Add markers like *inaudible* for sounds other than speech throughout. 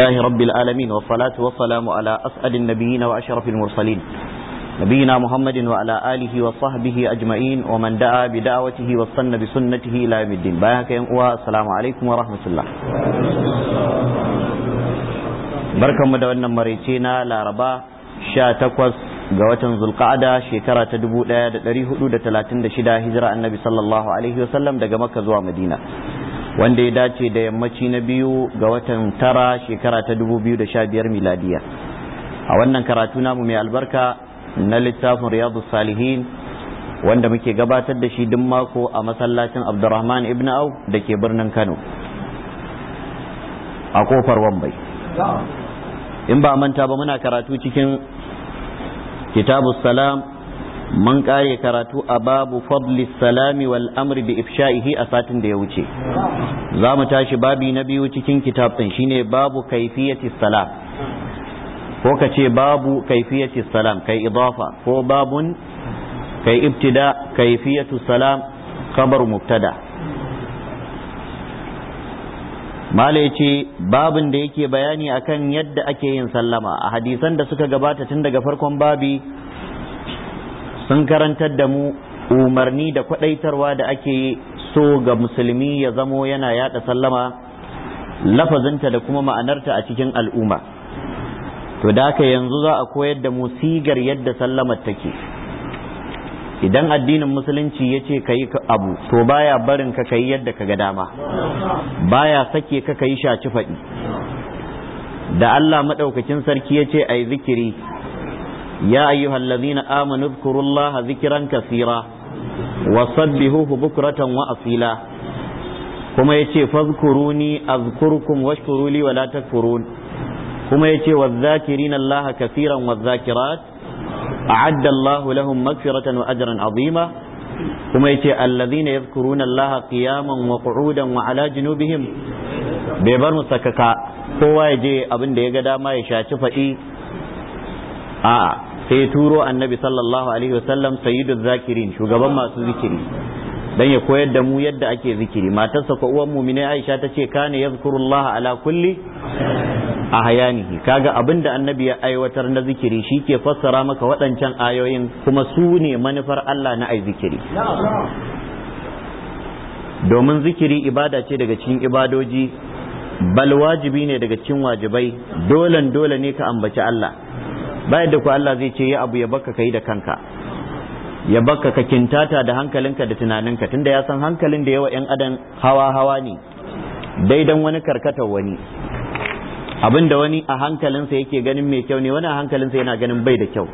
لله رب العالمين والصلاة والسلام على أسعد النبيين وأشرف المرسلين نبينا محمد وعلى آله وصحبه أجمعين ومن دعا بدعوته واستنى بسنته إلى يوم الدين بارك السلام عليكم ورحمة الله بركة مدونة مريتينا لاربا شا تقوس قوة ذو القعدة شكرة تدبو لا دريه أولو هجرة النبي صلى الله عليه وسلم دقمك زوا مدينة wanda ya dace da yammaci na biyu ga watan tara shekara ta dubu biyu da sha biyar miladiya a wannan karatu namu mai albarka na littafin riyadu salihin wanda muke gabatar da shi duk mako a masallacin abdurrahman ibn au da ke birnin kano a kofar wambai in ba manta ba muna karatu cikin kitabu salam mun ƙare karatu a babu fadli salami wal amri bi ifsha'ihi a satin da ya wuce za mu tashi babi na biyu cikin kitab din shine babu kaifiyati salam ko ka ce babu kaifiyati salam kai idafa ko babun kai ibtida kaifiyatu salam khabar mubtada mala ce babin da yake bayani akan yadda ake yin sallama a hadisan da suka gabata tun daga farkon babi sun karantar da mu umarni da kwadaitarwa da ake so ga musulmi ya zamo yana yada sallama lafazinta da kuma ma'anarta a cikin al'umma to da haka yanzu za a koyar da mu sigar yadda sallamar take idan addinin musulunci ya ce ka yi abu to baya barin ka yi yadda ka ga dama baya sake ka yi shaci faɗi da Allah maɗaukakin sarki ya ce a yi zikiri يا أيها الذين آمنوا اذكروا الله ذكرا كثيرا وصبهوه بكرة وأصيلا كما يتي فاذكروني أذكركم واشكروا لي ولا تكفرون كما يتي والذاكرين الله كثيرا والذاكرات أعد الله لهم مغفرة وأجرا عظيما كما يتي الذين يذكرون الله قياما وقعودا وعلى جنوبهم بيبر مسككا هو يجي أبن ديقدا ما يشاتف إيه a'a sai turo annabi sallallahu alaihi wasallam sayyidu zakirin shugaban masu zikiri dan ya koyar da mu yadda ake zikiri matarsa ko uwan mu'mina Aisha ta ce kana yazkurullah ala kulli a hayanihi kaga abinda annabi ya aiwatar na zikiri shi ke fassara maka waɗancan ayoyin kuma su ne manufar Allah na ai zikiri domin zikiri ibada ce daga cikin ibadoji bal wajibi ne daga cikin wajibai dolan dole ne ka ambaci Allah ba yadda ku Allah zai ce ya abu ya bakka kai da kanka ya baka ka kintata da hankalinka da tunaninka tunda ya san hankalin da yawa yan adam hawa hawa ne daidan wani karkatar wani abin da wani a hankalinsa yake ganin mai kyau ne wani a hankalinsa yana ganin bai da kyau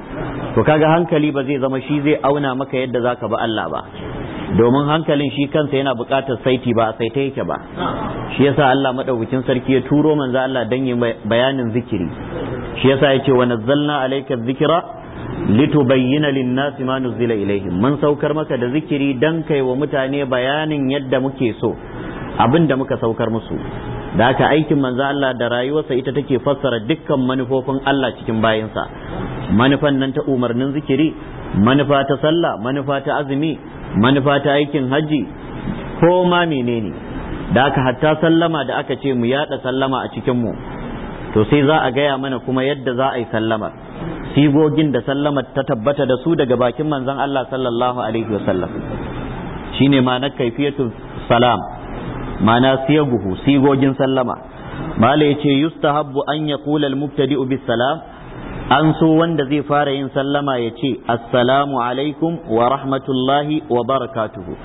to kaga hankali ba zai zama shi zai auna maka yadda zaka ba Allah ba domin hankalin shi kansa yana buƙatar saiti ba a saita yake ba shi yasa Allah madaukakin sarki ya turo manzo Allah dan yi bayanin zikiri shi yasa yace wa nazzalna alayka dhikra litubayyana lin-nasi ma nuzila ilayhim mun saukar maka da zikiri dan kai wa mutane bayanin yadda muke so abinda muka saukar musu da haka aikin manzo Allah da rayuwarsa ita take fassara dukkan manufofin Allah cikin bayinsa manufan nan ta umarnin zikiri manufa ta sallah manufa ta azumi manufa ta aikin hajji ko ma menene da aka hatta sallama da aka ce mu yada sallama a cikin mu to sai za a gaya mana kuma yadda za a yi sallama sigogin da sallama ta tabbata da su daga bakin manzon Allah sallallahu alaihi wasallam shine ma'anar kaifiyatu salam ma'ana siyaguhu sigogin sallama mala yace yustahabbu an yaqula al-mubtadi'u bis salam an so wanda zai fara yin sallama ya ce assalamu alaikum wa rahmatullahi wa barakatuhu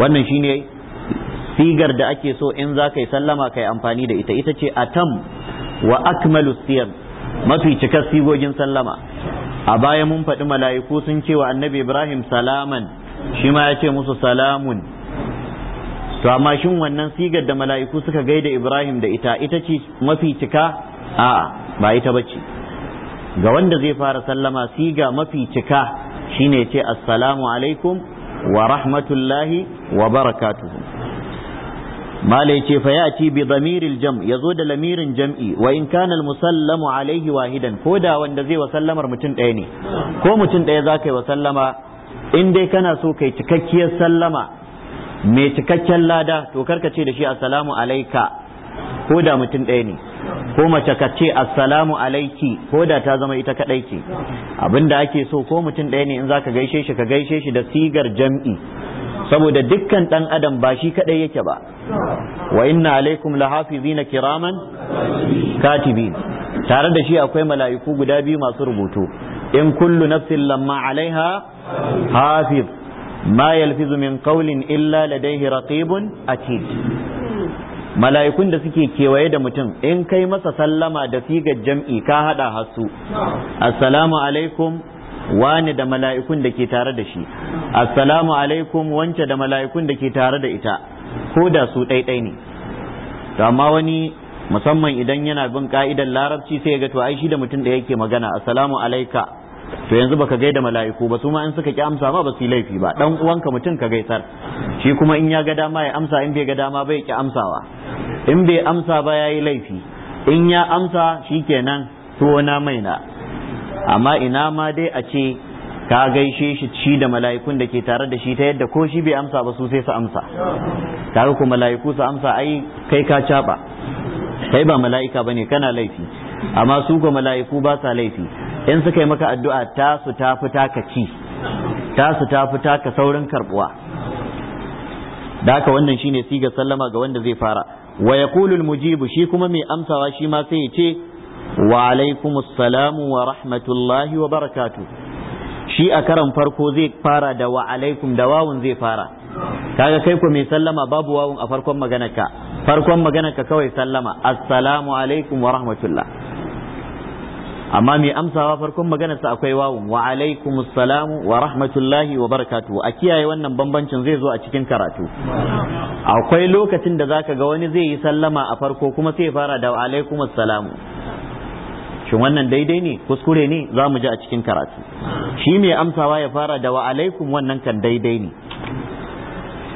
wannan shine sigar da ake so in za ka yi sallama ka yi amfani da ita ita ce atam wa akmalu siyam mafi cikar sigogin sallama a baya mun faɗi mala'iku sun ce wa annabi ibrahim salaman shi ma ya ce musu salamun to amma shin wannan sigar da mala'iku suka gaida ibrahim da ita ita ce mafi cika a ba ita bace ga wanda zai fara sallama siga mafi cika shine ce assalamu alaikum wa rahmatullahi wa barakatuhu mala ce fa yati bi damiril jam yazo da lamirin jam'i wa in kana al musallamu alaihi wahidan ko da wanda zai wa sallamar mutum ɗaya ne ko mutum ɗaya zaka yi wa sallama in dai kana so kai cikakkiyar sallama mai cikakken lada to karka ce da shi assalamu alaika ko da mutum ɗaya ne ko mace ka ce assalamu alaiki ko da ta zama ita kadai ce abinda ake so ko mutum ɗaya ne in zaka gaishe shi ka gaishe shi da sigar jam'i saboda dukkan ɗan adam ba shi kadai yake ba wa inna alaikum lahafizina kiraman katibin tare da shi akwai mala'iku guda biyu masu rubutu in kullu nafsin lamma alaiha hafiz ma yalfizu min qawlin illa ladaihi raqibun atid mala'ikun da suke kewaye da mutum in kai masa sallama da sigar jam'i ka hada hasu assalamu alaikum wani da mala'ikun da ke tare da shi assalamu alaikum wance da mala'ikun da ke tare da ita ko da su ɗaiɗai ne to amma wani musamman idan yana bin ka'idar larabci sai ya ga to ai shi da mutum da yake magana assalamu alaika to yanzu baka gaida mala'iku ba su ma in suka ki amsa ma ba su laifi ba dan uwanka mutum ka gaisar shi kuma in ya ga dama ya amsa in bai ga dama bai ki amsawa in bai amsa ba yayi laifi in ya amsa shikenan to na maina amma ina ma dai a ce ka gaishe shi shi da mala'ikun da ke tare da shi ta yadda ko shi bai amsa ba su sai su amsa ga kuma mala'iku su amsa ai kai ka caba kai ba mala'ika bane kana laifi amma su ko mala'iku ba sa laifi in suka yi maka addu'a tasu ta fi taka ci ta taka saurin karbuwa da haka wannan shine siga sallama ga wanda zai fara wa yaqulu mujibu shi kuma mai amsawa shi ma sai ya ce wa alaikumus salamu wa rahmatullahi wa barakatu shi a karan farko zai fara da wa alaikum da wawun zai fara kaga kai ko mai sallama babu wawun a farkon maganarka farkon maganarka kawai sallama assalamu alaikum wa rahmatullah amma mai amsawa farkon maganarsa akwai wawun wa alaikum salamu wa rahmatullahi wa barakatu a kiyaye wannan bambancin zai zo a cikin karatu akwai lokacin da zaka ga wani zai yi sallama a farko kuma sai fara da wa alaikum salamu shin wannan daidai ne kuskure ne za mu ji a cikin karatu shi mai amsawa ya fara da wa alaikum wannan kan daidai ne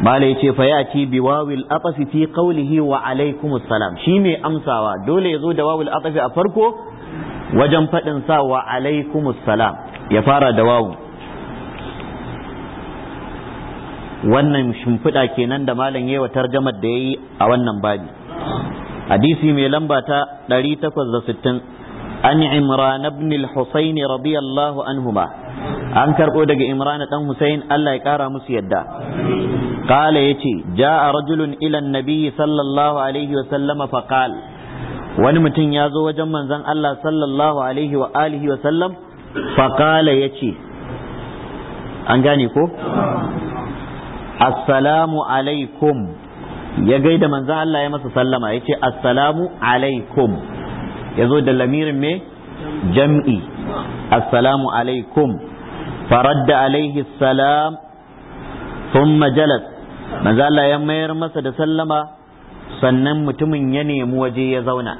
mala ya ce fa ya ci bi wawil atafi fi qawlihi wa alaikum salam shi mai amsawa dole ya zo da wawil atafi a farko wajen faɗin sa wa alaikumus salam ya fara da wawu wannan shimfiɗa kenan da malam yawa tarjamar da yayi a wannan babi hadisi mai lamba ta 860 an imran ibn al-husayn radiyallahu anhuma an karɓo daga imran dan husayn Allah ya kara musu yadda qala yace jaa rajulun ila an-nabi sallallahu alaihi wa sallama faqala wani mutum ya zo wajen manzan Allah sallallahu alaihi wa alihi wa sallam ya ce an gane ko assalamu alaikum ya gaida manzan Allah ya masa sallama ya ce assalamu alaikum ya zo da lamirin me jam'i assalamu alaikum faradda alaihi salam sun jalas Manzan Allah ya mayar masa da sallama sannan mutumin ya nemi waje ya zauna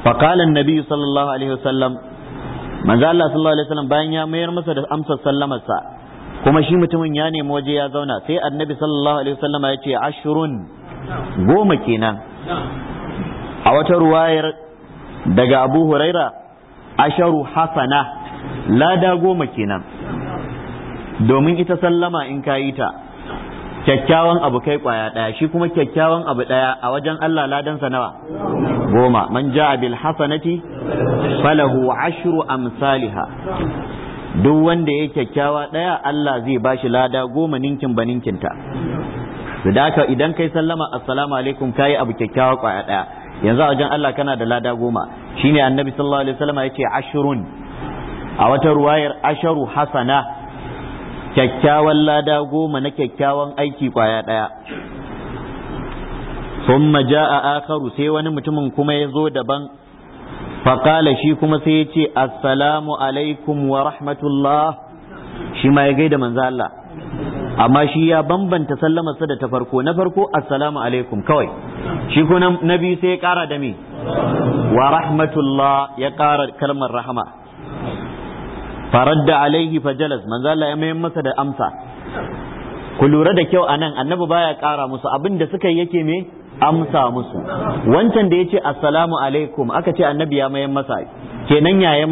Fakalan nabi sallallahu alaihi wasallam manzo Allah sallallahu alaihi wasallam bayan ya mayar masa da amsar sallamarsa kuma shi mutumin ya nemi waje ya zauna sai annabi sallallahu alaihi wasallam ya ce ashirun goma kenan a wata ruwayar daga Abu Huraira asharu hasana lada goma kenan domin ita sallama in ka yi ta kyakkyawan abu kai kwaya daya shi kuma kyakkyawan abu daya a wajen Allah ladansa nawa goma man ja'a bil hasanati falahu ashru amsalha duk wanda ya kyakkyawa daya Allah zai bashi lada goma ninkin baninkinta da haka idan kai sallama assalamu alaikum kai abu kyakkyawa kwaya daya yanzu a wajen Allah kana da lada goma shine annabi sallallahu alaihi wasallam yace ashrun a wata ruwayar asharu hasana kyakkyawan lada goma na kyakkyawan aiki kwaya ɗaya thumma a akaru sai wani mutumin kuma ya zo daban faƙala shi kuma sai ya ce assalamu alaikum wa rahmatullah shi ma ya gaida manzo Allah amma shi ya bambanta sallamarsa da ta farko na farko assalamu alaikum kawai shi ko na biyu sai ya ƙara da me wa rahmatullah ya ƙara kalmar rahama faradda عليه فجلس من ذا ya يمين مسد da amsa ku lura da kyau anan annabi baya kara musu سكا يكي مي yake me amsa musu wancan da yace assalamu alaikum aka ce annabi ya mayan masa kenan ya ya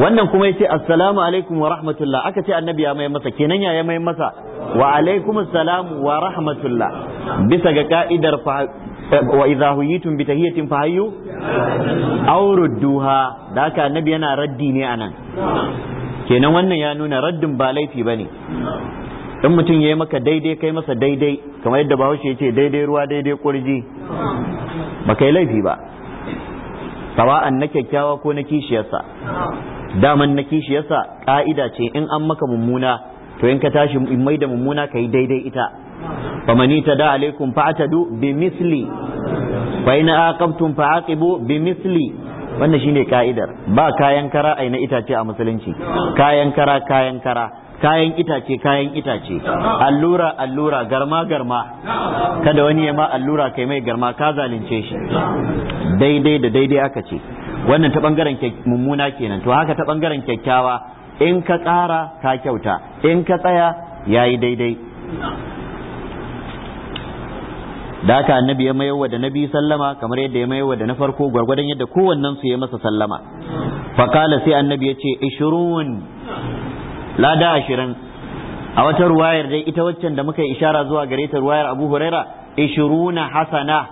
wannan kuma yace assalamu alaikum wa rahmatullah aka ce annabi ya mayan masa kenan ya ya mayan masa wa alaikumus wa rahmatullah bisa ga ka'idar wa idza huyitum bi tahiyatin fa hayyu aw rudduha da haka annabi yana raddi ne anan kenan wannan ya nuna raddin ba laifi bane in mutum ya yi maka daidai kai masa daidai kamar yadda bahaushe ya ce daidai ruwa daidai kurji ba kai laifi ba sawa'an na kyakkyawa ko na kishiyarsa daman na kishiyarsa ka'ida ce in an maka mummuna to in ka tashi in mai da mummuna ka yi daidai ita فمن اهتدى عليكم فاعتدوا بمثلي فإن عاقبتم فعاقبوا بمثلي wannan shine ka'idar ba kayan kara aina itace a musulunci kayan kara kayan kara kayan itace kayan itace allura allura garma garma kada wani ya ma allura kai mai garma ka zalunce shi daidai da daidai aka ce wannan ta bangaren mummuna kenan to haka ta bangaren kyakkyawa in ka tsara ka kyauta in ka tsaya yayi daidai da haka annabi ya mayarwa da nabi sallama kamar yadda ya mayarwa da na farko gwargwadon yadda kowannen su ya masa sallama fakala sai annabi ya ce ishirun lada ashirin a wata ruwayar dai ita waccan da muka ishara zuwa gare ta ruwayar abu huraira ishiruna hasana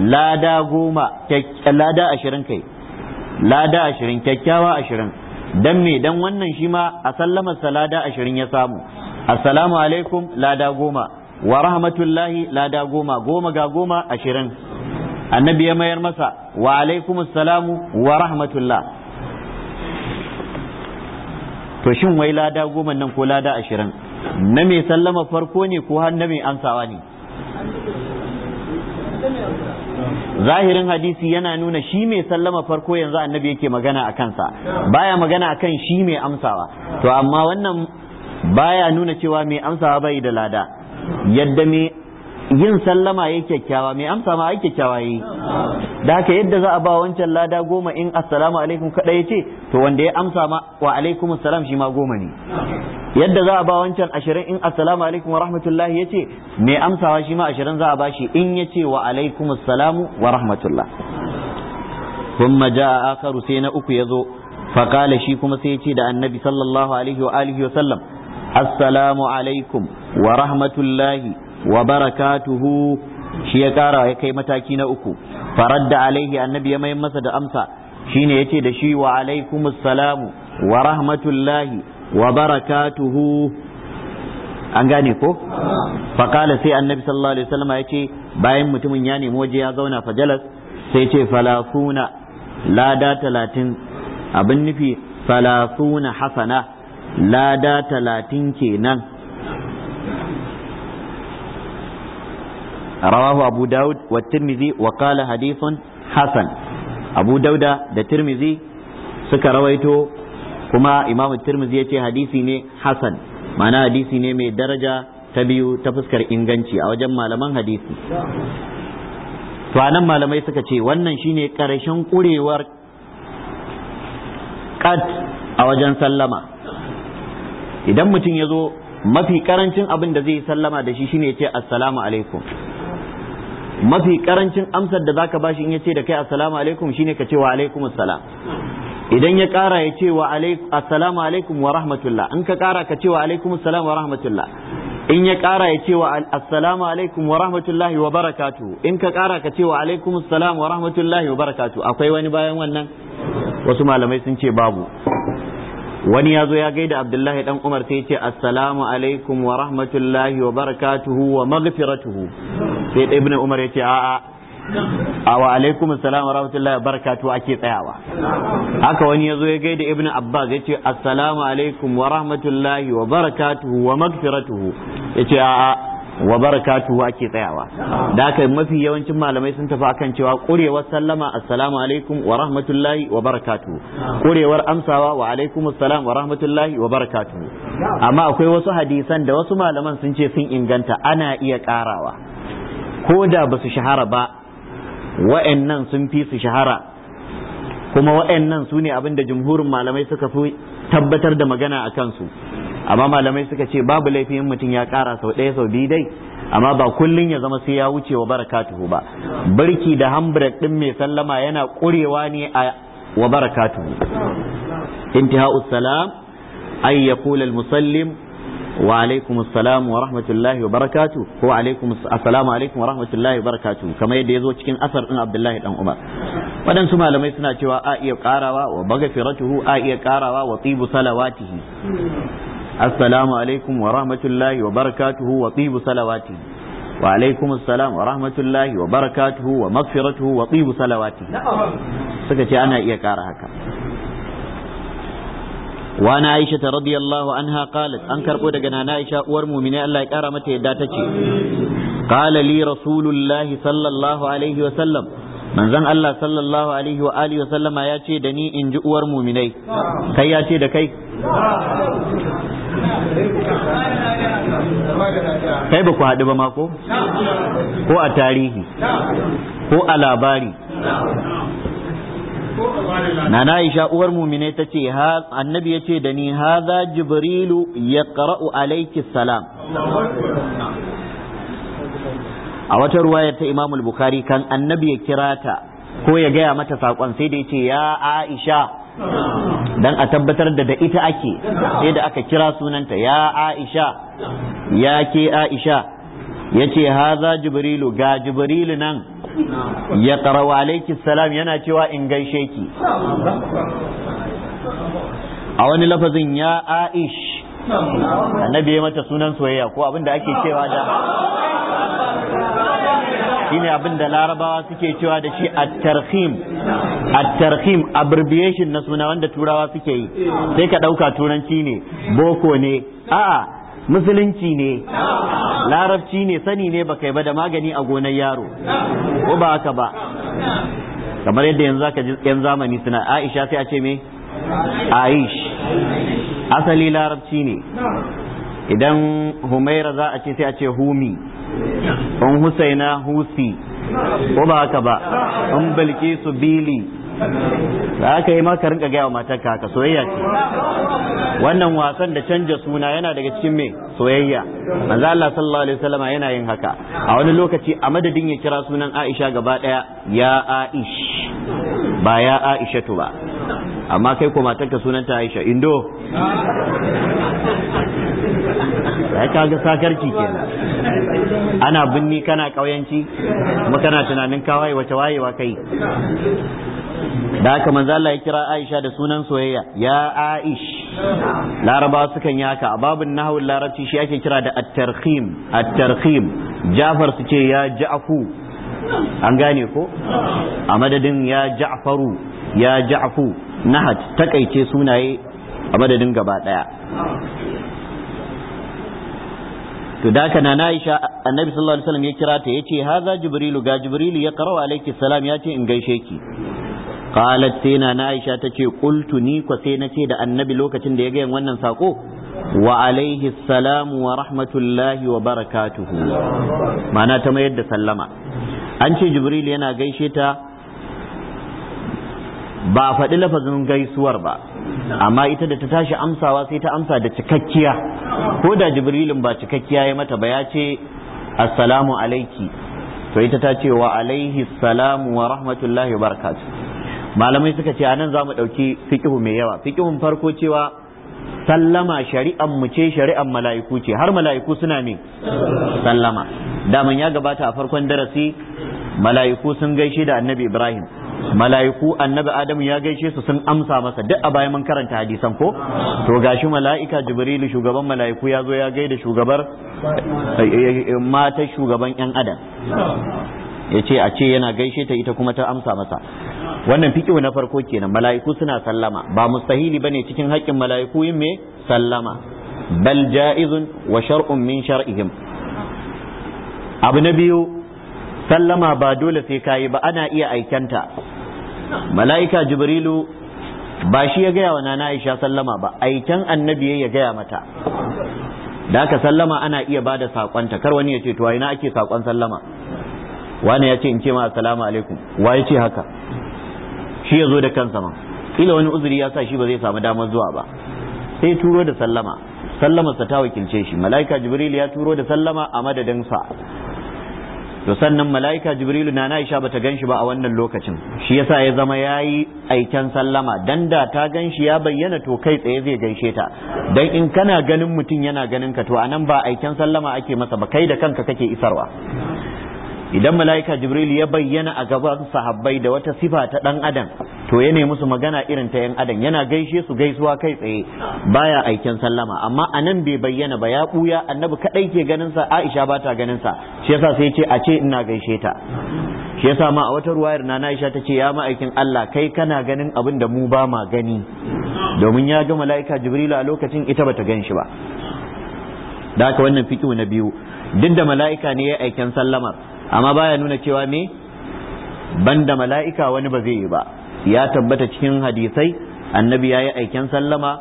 lada goma lada ashirin kai lada ashirin kyakkyawa ashirin dan me dan wannan shi ma a sallamar sa lada ashirin ya samu assalamu alaikum lada goma wa rahmatullahi lada goma goma ga goma ashirin annabi ya mayar masa wa alaikum salamu wa rahmatullah to shin wai lada goma nan ko lada ashirin na mai sallama farko ne ko har na mai amsawa ne zahirin hadisi yana nuna shi mai sallama farko yanzu annabi yake magana a kansa baya magana akan shi mai amsawa to amma wannan baya nuna cewa mai amsawa bai da lada yadda me yin sallama ya kyakkyawa mai amsa ma ai kyakkyawa yi da haka yadda za a ba wancan lada goma in assalamu alaikum kada ya ce to wanda ya amsa ma wa alaikum assalam shi ma goma ne yadda za a ba wancan ashirin in assalamu alaikum wa rahmatullahi ya ce mai amsawa shi ma ashirin za a ba shi in ya ce wa alaikum assalamu wa rahmatullah ثم جاء آخر سين أكو يزو فقال ce da annabi sallallahu alaihi wa عليه wa sallam. assalamu alaikum wa rahmatullahi wa barakatuhu shi ya kara ya kai mataki na uku faradda alaihi annabi ya mayin masa da amsa Shi ne ya ce da shi wa alaikum salamu wa rahmatullahi wa barakatuhu an gane ko faƙala sai annabi sallallahu alaihi wasallam ya ce bayan mutumin ya nemo waje ya zauna fajalas sai ce falafuna lada talatin abin nufi falafuna hasana lada talatin kenan rawahu abu daud wa tirmizi wa kala hadithun hasan abu dauda da tirmizi suka rawaito kuma imam tirmizi yace hadisi ne hasan mana hadisi ne mai daraja ta biyu ta fuskar inganci a wajen malaman hadisi to malamai suka ce wannan shine karshen ƙurewar ƙat a wajen sallama idan mutum ya zo mafi karancin abin da zai sallama da shi shine ya ce assalamu alaikum mafi karancin amsar da zaka bashi in ya ce da kai assalamu alaikum shine ka ce wa alaikum assalam idan ya kara ya ce wa assalamu alaikum wa rahmatullah in ka kara ka ce wa alaikum assalam wa rahmatullah in ya kara ya ce wa assalamu alaikum wa rahmatullah wa barakatuh in ka kara ka ce wa alaikum assalam wa rahmatullah wa barakatuh akwai wani bayan wannan wasu malamai sun ce babu wani ya zo ya gaida abdullahi dan umar sai ce assalamu alaikum wa rahmatullahi wa barakatuhu wa maghfiratuhu sai ibn umar ya ce a'a a wa alaikum assalam wa rahmatullahi wa barakatuhu ake tsayawa haka wani ya zo ya gaida ibn abbas ya ce assalamu alaikum wa rahmatullahi wa barakatuhu wa maghfiratuhu ya ce a'a wa wa ake tsayawa da yi mafi yawancin malamai sun tafi akan cewa kurewar sallama assalamu alaikum wa rahmatullahi wa barakatu. kurewar amsawa wa alaikum assalam wa rahmatullahi wa barakatu. amma akwai wasu hadisan da wasu malaman sun ce sun inganta ana iya karawa ko da ba su shahara ba wa'annan sun fi su shahara kuma wa'annan su ne abinda jumhurin malamai suka fi tabbatar da magana a kansu amma malamai suka ce babu laifin mutum ya kara sau ɗaya sau biyu dai amma ba kullun ya zama sai ya wuce wa barakatuhu ba birki da handbrake din mai sallama yana ƙurewa ne a wa barakatuhu intiha salam ay yaqul al musallim wa alaikum assalam wa rahmatullahi wa barakatuh ko alaikum assalamu alaikum wa rahmatullahi wa barakatuh kamar yadda yazo cikin asar din Abdullahi dan Umar wadansu malamai suna cewa a iya karawa wa baghfiratuhu a iya karawa wa tibu salawatihi assalamu alaikum wa rahmatullahi wa barakatuhu wa tibu salawati wa alaikum assalam wa rahmatullahi wa barakatuhu wa maghfiratuhu wa tibu salawati suka ce ana iya kara haka wa aisha radiyallahu anha qalat an karbo daga nana aisha uwar mu'mini Allah ya kara mata yadda tace qala li rasulullahi sallallahu alaihi wa sallam manzon Allah sallallahu alaihi wa ce da ni in ji uwar muminai kai ya ce da kai kai ba ku haɗu ba mako ko a tarihi ko a labari nana aisha uwar mumine ta ce annabi ya ce da ni haza jibrilu ya ƙara'u alaiki salam a wata ruwayar ta imamul bukhari kan annabi ya kira ta ko ya gaya mata saƙon sai da ya ce ya aisha dan a tabbatar da da ita ake sai da aka kira sunanta ya aisha ya ke aisha ya ce haza jibrilu ga jibrilu nan ya karawa alaiki salam yana cewa in gaishe ki a wani lafazin ya aish annabi ya mata sunan soyayya ko abin da ake cewa da shine abin da larabawa suke cewa da shi at-tarhim a tarhim abbreviation na suna wanda turawa suke yi sai ka dauka turanci ne boko ne a'a musulunci ne larabci ne sani ne ba kai ba da magani a gonar yaro ko ba haka ba kamar yadda yanzu aka ji yan zamani suna Aisha sai a ce me Aish asali larabci ne idan humaira za a ce sai a ce humi in husaina husi ko ba haka ba in bilki su bili da aka yi maka rinka gaya wa matarka haka soyayya ce wannan wasan da canja suna yana daga cikin mai soyayya manzo Allah sallallahu alaihi wasallam yana yin haka a wani lokaci a madadin ya kira sunan Aisha gaba daya ya Aish ba ya Aishatu ba amma kai ko matarka sunanta Aisha indo ka kaga sakarci kenan ana binni kana kauyanci kuma kana tunanin kawai wace wayewa kai da haka manzo Allah ya kira Aisha da sunan soyayya ya Aish Laraba sukan yi haka a babin nahawul larabci shi ake kira da at-tarkhim at Jafar su ce ya Ja'fu an gane ko a madadin ya Ja'faru ya Ja'fu nahad takaice sunaye a madadin gaba daya to da kana na Aisha annabi sallallahu alaihi wasallam ya kira ta yace haza jibrilu ga jibrilu ya karawa alayki salam yace in gaishe ki qalat sai na Aisha tace qultu ni ko sai nace da annabi lokacin da ya ga wannan sako wa alayhi salam wa rahmatullahi wa barakatuhu ma'ana ta mayar da sallama an ce jibrilu yana gaishe ta ba a faɗi lafazin gaisuwar ba amma ita da ta tashi amsawa sai ta amsa da cikakkiya ko da jibrilin ba cikakkiya ya mata ba ya ce assalamu alaiki to ita ta ce wa alaihi salamu wa rahmatullahi wa malamai suka ce anan za mu ɗauki fikihu mai yawa fikihun farko cewa sallama shari'an mu ce shari'an mala'iku ce har mala'iku suna me sallama daman ya gabata a farkon darasi mala'iku sun gaishe da annabi ibrahim mala'iku annabi adamu ya gaishe su sun amsa masa duk a bayan mun karanta hadisan ko to gashi mala'ika jibrilu shugaban mala'iku ya zo ya gaida shugabar mata shugaban yan adam ya ce a ce yana gaishe ta ita kuma ta amsa masa wannan fikihu na farko kenan mala'iku suna sallama ba mustahili bane cikin haƙƙin mala'iku yin me sallama bal ja'izun wa shar'un min shar'ihim abu na biyu sallama ba dole sai kayi ba ana iya aikanta mala'ika jibrilu ba shi ya gaya wa nana aisha sallama ba aikan annabi ya gaya mata da aka sallama ana iya ba da sakonta kar wani ya ce to ina ake sakon sallama wani ya ce in ce ma assalamu alaikum wa ya ce haka shi ya zo da kansa ma kila wani uzuri ya sa shi ba zai samu damar zuwa ba sai turo da sallama sallamarsa ta wakilce shi mala'ika jibril ya turo da sallama a madadin sa to sannan mala'ika jibrilu na na isha bata ganshi ba a wannan lokacin shi yasa ya zama yayi aiken sallama dan da ta ganshi ya bayyana to kai tsaye zai gaishe ta dan in kana ganin mutum yana ganin ka to anan ba aiken sallama ake masa ba kai da kanka kake isarwa idan mala'ika jibril ya bayyana a gaban sahabbai da wata sifa ta dan adam to ya nemi musu magana irin ta yan adam yana gaishe su gaisuwa kai tsaye baya aikin sallama amma anan bai bayyana ba ya buya annabi kadai ke ganin sa aisha ba ta ganin sa shi yasa sai ce a ce ina gaishe ta shi yasa ma a wata ruwayar na aisha ta ce ya ma'aikin Allah kai kana ganin abin da mu ba ma gani domin ya ga mala'ika jibril a lokacin ita bata gan shi ba da haka wannan fikihu na biyu duk da mala'ika ne ya aikin sallamar amma baya nuna cewa me banda mala'ika wani ba zai yi ba ya tabbata cikin hadisai annabi ya yi aiken sallama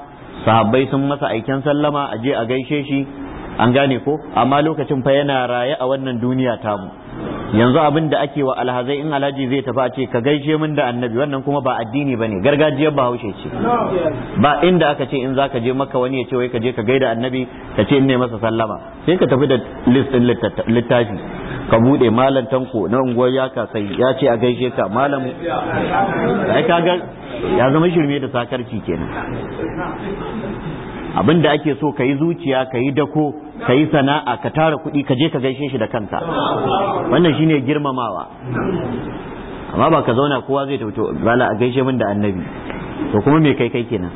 sahabbai sun masa aiken sallama a je a gaishe shi an gane ko amma lokacin fa yana raye a wannan duniya tamu yanzu abin da ake wa alhazai in alhaji zai tafi a ce ka gaishe min da annabi wannan kuma ba addini ba ne gargajiyar bahaushe ce ba inda aka ce in za ka je maka wani ya ce wai ka je ka gaida annabi ka ce in ne masa sallama sai ka tafi da list littafi ka bude malam tanko na unguwar ya sai ya ce a gaishe ka malam ya zama shirme da sakarci kenan abin da ake so ka yi zuciya ka yi dako ka yi sana'a ka tara kuɗi ka je ka gaishe shi da kanka wannan shi ne girmamawa amma ba ka zauna kowa zai tauto bala a gaishe min da annabi to kuma me kai kai kenan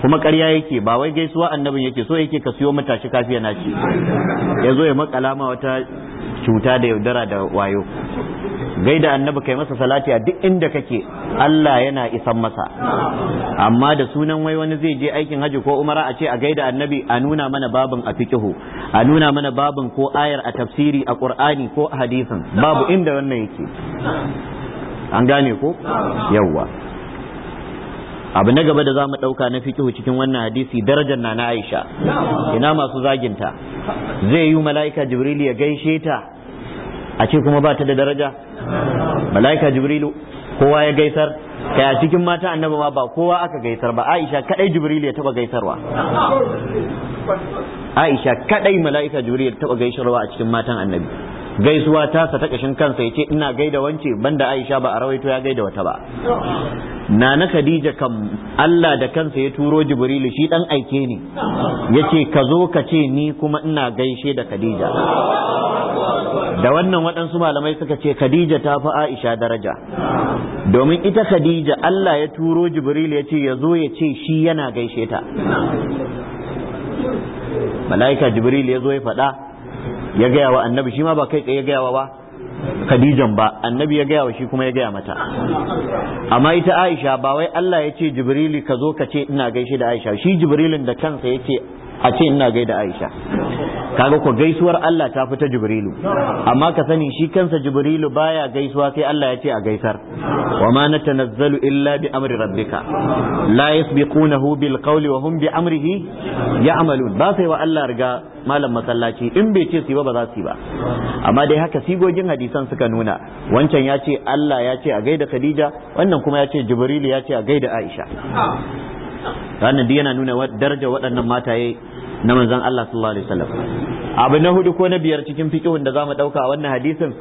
kuma ƙarya yake ba wai gaisuwa annabin yake so yake ka siyo matashi kafiya na ce ya zo ya makala ma wata cuta da yaudara da wayo gaida annabi kai masa salati a duk inda kake Allah yana isan masa amma da sunan wai wani zai je aikin haji ko umara a ce a gaida annabi a nuna mana babin a fikihu. a nuna mana babin ko ayar a tafsiri a qur'ani ko a hadisin babu inda wannan yake an gane ko yawwa abu na gaba da za mu ɗauka na fiƙihu cikin wannan hadisi darajar na na aisha ina masu zaginta zai yi mala'ika jibril ya gaishe ta a ce kuma ba ta da daraja mala'ika jibrilu kowa ya gaisar kai a cikin mata annabi ma ba kowa aka gaisar ba aisha kadai jibril ya taba gaisarwa aisha kadai mala'ika jibril ya taba gaisarwa a cikin matan annabi gaisuwa ta sa ta kashin kansa yace ina gaida wance banda Aisha ba a rawaito ya gaida wata ba nana Khadija kam Allah da kansa ya turo Jibrilu shi dan aike ne yace ka zo ka ce ni kuma ina gaishe da Khadija da wannan waɗansu malamai suka ce Khadija ta fi Aisha daraja domin ita Khadija Allah ya turo Jibrilu yace ya zo ya ce shi yana gaishe ta mala'ika Jibril ya zo ya faɗa ya gaya wa annabi shi ma ba kai tsaye ya gaya wa ba khadijan ba annabi ya gaya wa shi kuma ya gaya mata amma ita aisha ba wai Allah ya ce jibrili ka zo ka ce ina gaishe da aisha shi jibrilin da kansa ya ce a ce ina gaida Aisha kaga ko gaisuwar Allah ta fita Jibrilu amma ka sani shi kansa Jibrilu baya gaisuwa sai Allah ya ce a gaisar wa ma natanazzalu illa bi amri rabbika la yasbiqunahu bil qawli wa hum bi amrihi ya'malun ba sai wa Allah riga malam masallaci in bai ce su ba za su ba amma dai haka sigogin hadisan suka nuna wancan ya ce Allah ya ce a gaida Khadija wannan kuma ya ce Jibrilu ya ce a gaida Aisha wannan duk yana nuna daraja waɗannan mataye na manzon Allah sallallahu alaihi wasallam abu na hudu ko na biyar cikin fiqhun da zamu dauka a wannan hadisin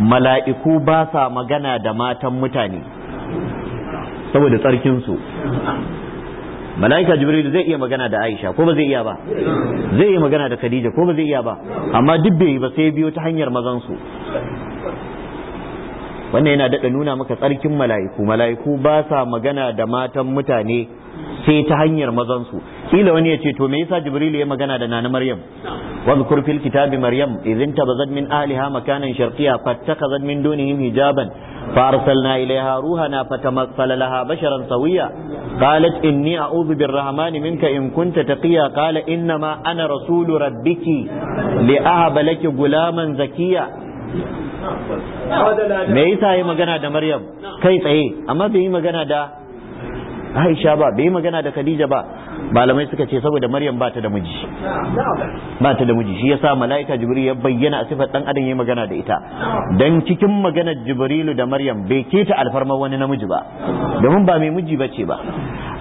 mala'iku ba sa magana da matan mutane saboda tsarkin su mala'ika jibril zai iya magana da aisha ko ba zai iya ba zai iya magana da khadija ko ba zai iya ba amma duk bai ba sai biyo ta hanyar mazan su wannan yana daɗa nuna maka tsarkin mala'iku mala'iku ba sa magana da matan mutane sai ta hanyar mazansu kila wani ya ce to me yasa jibrilu ya magana da nana maryam wadhkur kitabi maryam ba tabazat min ahliha makanan sharqiya fattakhazat min yin hijaban fa na ilayha ruhana fatamassala laha basharan sawiya qalat inni a'udhu birrahmani minka in kunta taqiya qala inna ma ana rasulu rabbiki li ahaba laki gulaman zakiya me yasa ya magana da maryam kai tsaye amma bai yi magana da aisha ba bai magana da khadija ba malamai suka ce saboda maryam ba ta da miji ba ta da miji shi yasa mala'ika jibril ya bayyana a sifar dan adam yayin magana da ita dan cikin maganar jibrilu da maryam bai keta alfarma wani namiji ba domin ba mai miji bace ba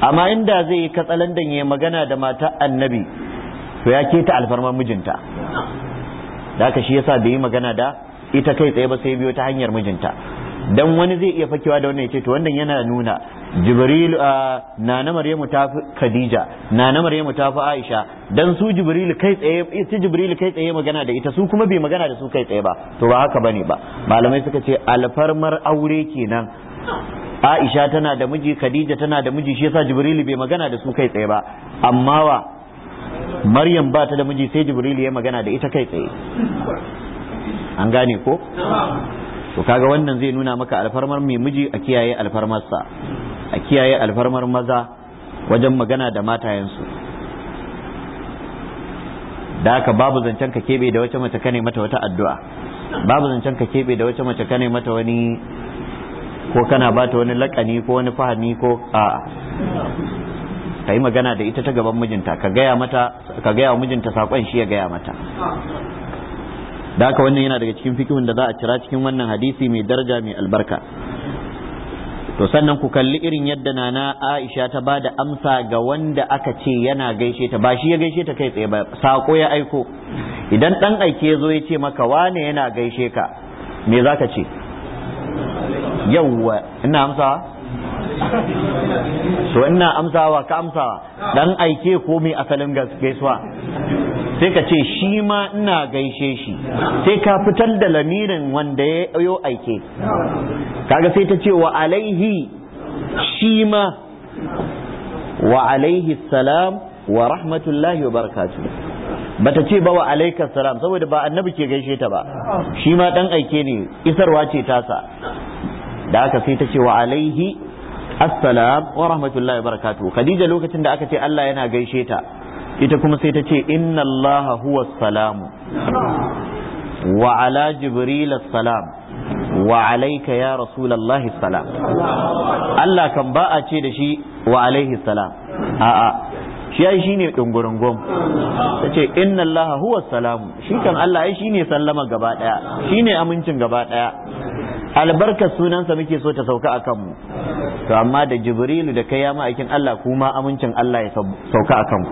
amma inda zai yi katsalan dan yayin magana da mata annabi to ya keta alfarma mijinta da haka shi yasa bai yi magana da ita kai tsaye ba sai biyo ta hanyar mijinta dan wani zai iya fakewa da wannan ya ce to wannan yana nuna jibril nana maryamu ta fi khadija nana maryamu ta fi aisha dan su jibril kai tsaye su jibril kai tsaye magana da ita su kuma bai magana da su kai tsaye ba to ba haka bane ba malamai suka ce alfarmar aure kenan aisha tana da miji khadija tana da miji shi yasa jibril bai magana da su kai tsaye ba amma wa maryam ba ta da miji sai jibril ya magana da ita kai tsaye an gane ko to kaga wannan zai nuna maka alfarmar mai miji a kiyaye alfarmarsa a kiyaye alfarmar maza wajen magana da matayensu da haka babu zancen ka kebe da wace mace kane mata wata addu'a babu zancen ka kebe da wace mace kane mata wani ko kana bata wani lakani ko wani fahani ko a ka yi magana da ita ta gaban mijinta ka gaya mata ka gaya wa mijinta sakon shi ya gaya mata da haka wannan yana daga cikin fikihun da za a cira cikin wannan hadisi mai daraja mai albarka to sannan ku kalli irin yadda nana Aisha ta ba da amsa ga wanda aka ce yana gaishe ta ba shi ya gaishe ta kai tsaye ba sako ya aiko idan dan aike ya zo ya ce maka wane yana gaishe ka me za ka ce yawwa ina amsa to ina amsawa ka amsawa dan aike ko mai asalin gaisuwa sai ka ce shi ma ina gaishe shi sai ka fitar da lamirin wanda ya yo aike kaga sai ta ce wa alaihi shi ma wa alaihi salam wa rahmatullahi wa barakatu bata ce ba wa alaika salam saboda ba annabi ke gaishe ta ba shi ma dan aike ne isarwa ce tasa da aka sai ta ce wa alaihi assalam wa rahmatullahi wa barakatu khadija lokacin da aka ce Allah yana gaishe ta ita kuma sai ta ce inna allaha huwa salamu wa ala jibril salam wa alayka ya rasulallahi salam Allah kan ba a ce da shi wa alaihi salam a'a shi ne shine ta ce inna Allah huwa salamu shi kan Allah shi ne sallama gaba Shi ne amincin gaba ɗaya albarkar sunansa muke so ta sauka a kanmu to amma da jibrilu da kai ya ma'aikin Allah kuma amincin Allah ya sauka a kanmu.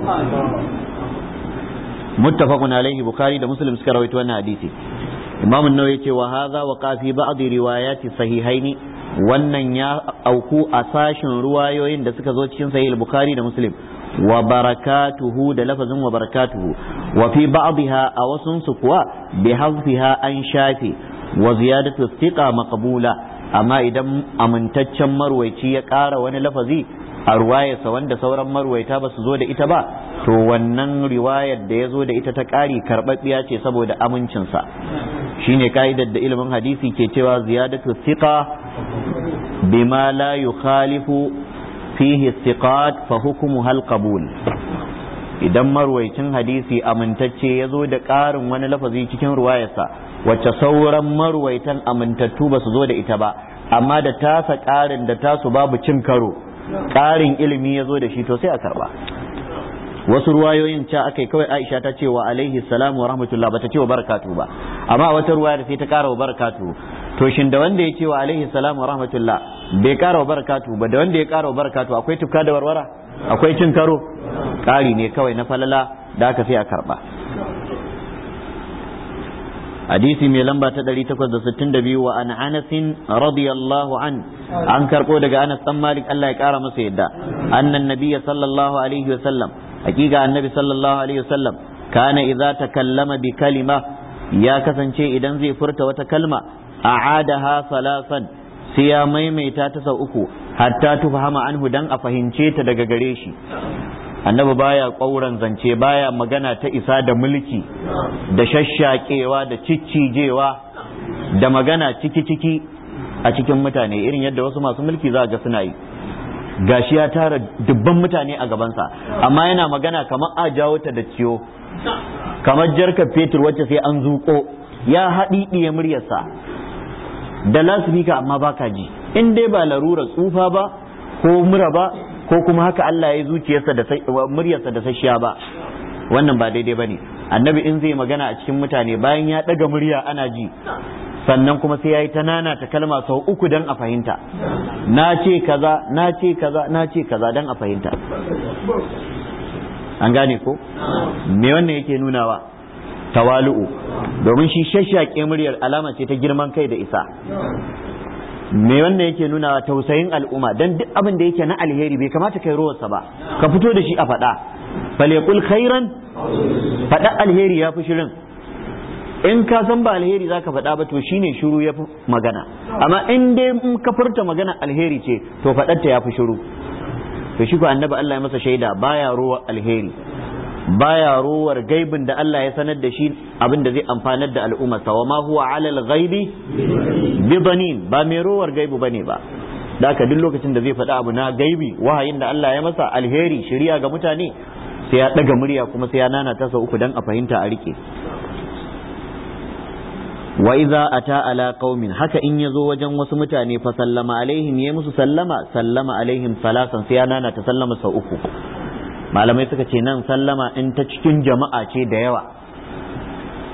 muttafaqun alaihi bukhari da muslim suka rawaito wannan hadisi imam an-nawawi yace wa hadha wa qafi ba'd riwayati sahihaini wannan ya auku a sashen ruwayoyin da suka zo cikin sahih al-bukhari da muslim wa barakatuhu da lafazin wa barakatuhu wa fi ba'dha a wasun kuwa bi hazfiha an shafi wa ziyadatu thiqa maqbula amma idan amintaccen marwaici ya ƙara wani lafazi a ruwayarsa wanda sauran marwaita ba su zo da ita ba to wannan riwayar da ya zo da ita ta ƙari karɓaɓɓiya ce saboda amincinsa shine ka'idar da ilimin hadisi ke cewa ziyadatu thiqa bima la yukhalifu فيه الثقات fa hukmuha al-qabul idan marwaicin hadisi amintacce ya zo da ƙarin wani lafazi cikin ruwayarsa wacce sauran marwaitan amintattu ba su zo da ita ba amma da tasa ƙarin da tasu babu cin karo ƙarin ilimi ya zo da shi to sai a karba wasu ruwayoyin ca akai kawai aisha ta ce wa alaihi salamu wa rahmatullah ba ta ce wa barakatu ba amma wata da sai ta ƙara wa barakatu to shin da wanda ya ce wa alaihi salamu wa rahmatullah bai ƙara wa barakatu ba da wanda ya kara wa barakatu akwai tufka da warwara akwai cin karo ƙari ne kawai na falala da aka sai a karɓa hadisi mai lamba ta 862 wa an anasin radiyallahu an an karɓo daga anas ɗan malik Allah ya ƙara masa yadda annan nabiyya sallallahu alaihi wa sallam hakika annabi sallallahu alaihi wa sallam kana idza takallama bi kalima ya kasance idan zai furta wata kalma a'adaha salasan sai ya maimaita ta sau uku hatta tufahama anhu dan a fahimce ta daga gare shi annabi baya ƙauran zance baya magana ta isa da mulki da shashakewa da ciccijewa da magana ciki-ciki a cikin mutane irin yadda wasu masu mulki za a ga suna yi gashi ya tara dubban mutane a gabansa amma yana magana kamar a jawo ta da ciyo kamar jarkar fetur wacce sai an zuko ya haɗi muryarsa da lasifika amma baka ji in dai ba larura tsufa ba ko mura ba ko kuma haka Allah ya zuciyarsa da muryarsa da sashiya ba wannan ba daidai bane annabi in zai magana a cikin mutane bayan ya daga murya ana ji sannan kuma sai yayi ta nana ta kalma sau uku dan a fahimta na ce kaza na ce kaza na ce kaza dan a fahimta an gane ko me wannan yake nunawa tawalu'u domin shi shashake muryar alama ce ta girman kai da isa me wannan yake nuna tausayin al'umma dan duk abin da yake na alheri bai kamata kai ruwarsa ba ka fito da shi a faɗa falekul khairan faɗa alheri ya fi shirin in ka san ba alheri zaka faɗa ba to shine shiru ya fi magana amma in dai in ka furta magana alheri ce to faɗarta ya fi shiru to shi annabi Allah masa shaida baya ruwa alheri baya rowar gaibin da Allah ya sanar da shi abin da zai amfanar da al'ummarsa wa ma huwa alal ghaibi bi banin ba mai rowar gaibu bane ba da ka duk lokacin da zai faɗa abu na gaibi wahayin da Allah ya masa alheri shari'a ga mutane sai ya ɗaga murya kuma sai ya nana ta sau uku dan a fahimta a rike wa iza ata ala qaumin haka in yazo wajen wasu mutane fa sallama alaihim ya musu sallama sallama alaihim salasan sai ya nana ta sallama sau uku malamai suka ce nan sallama in ta cikin jama'a ce da yawa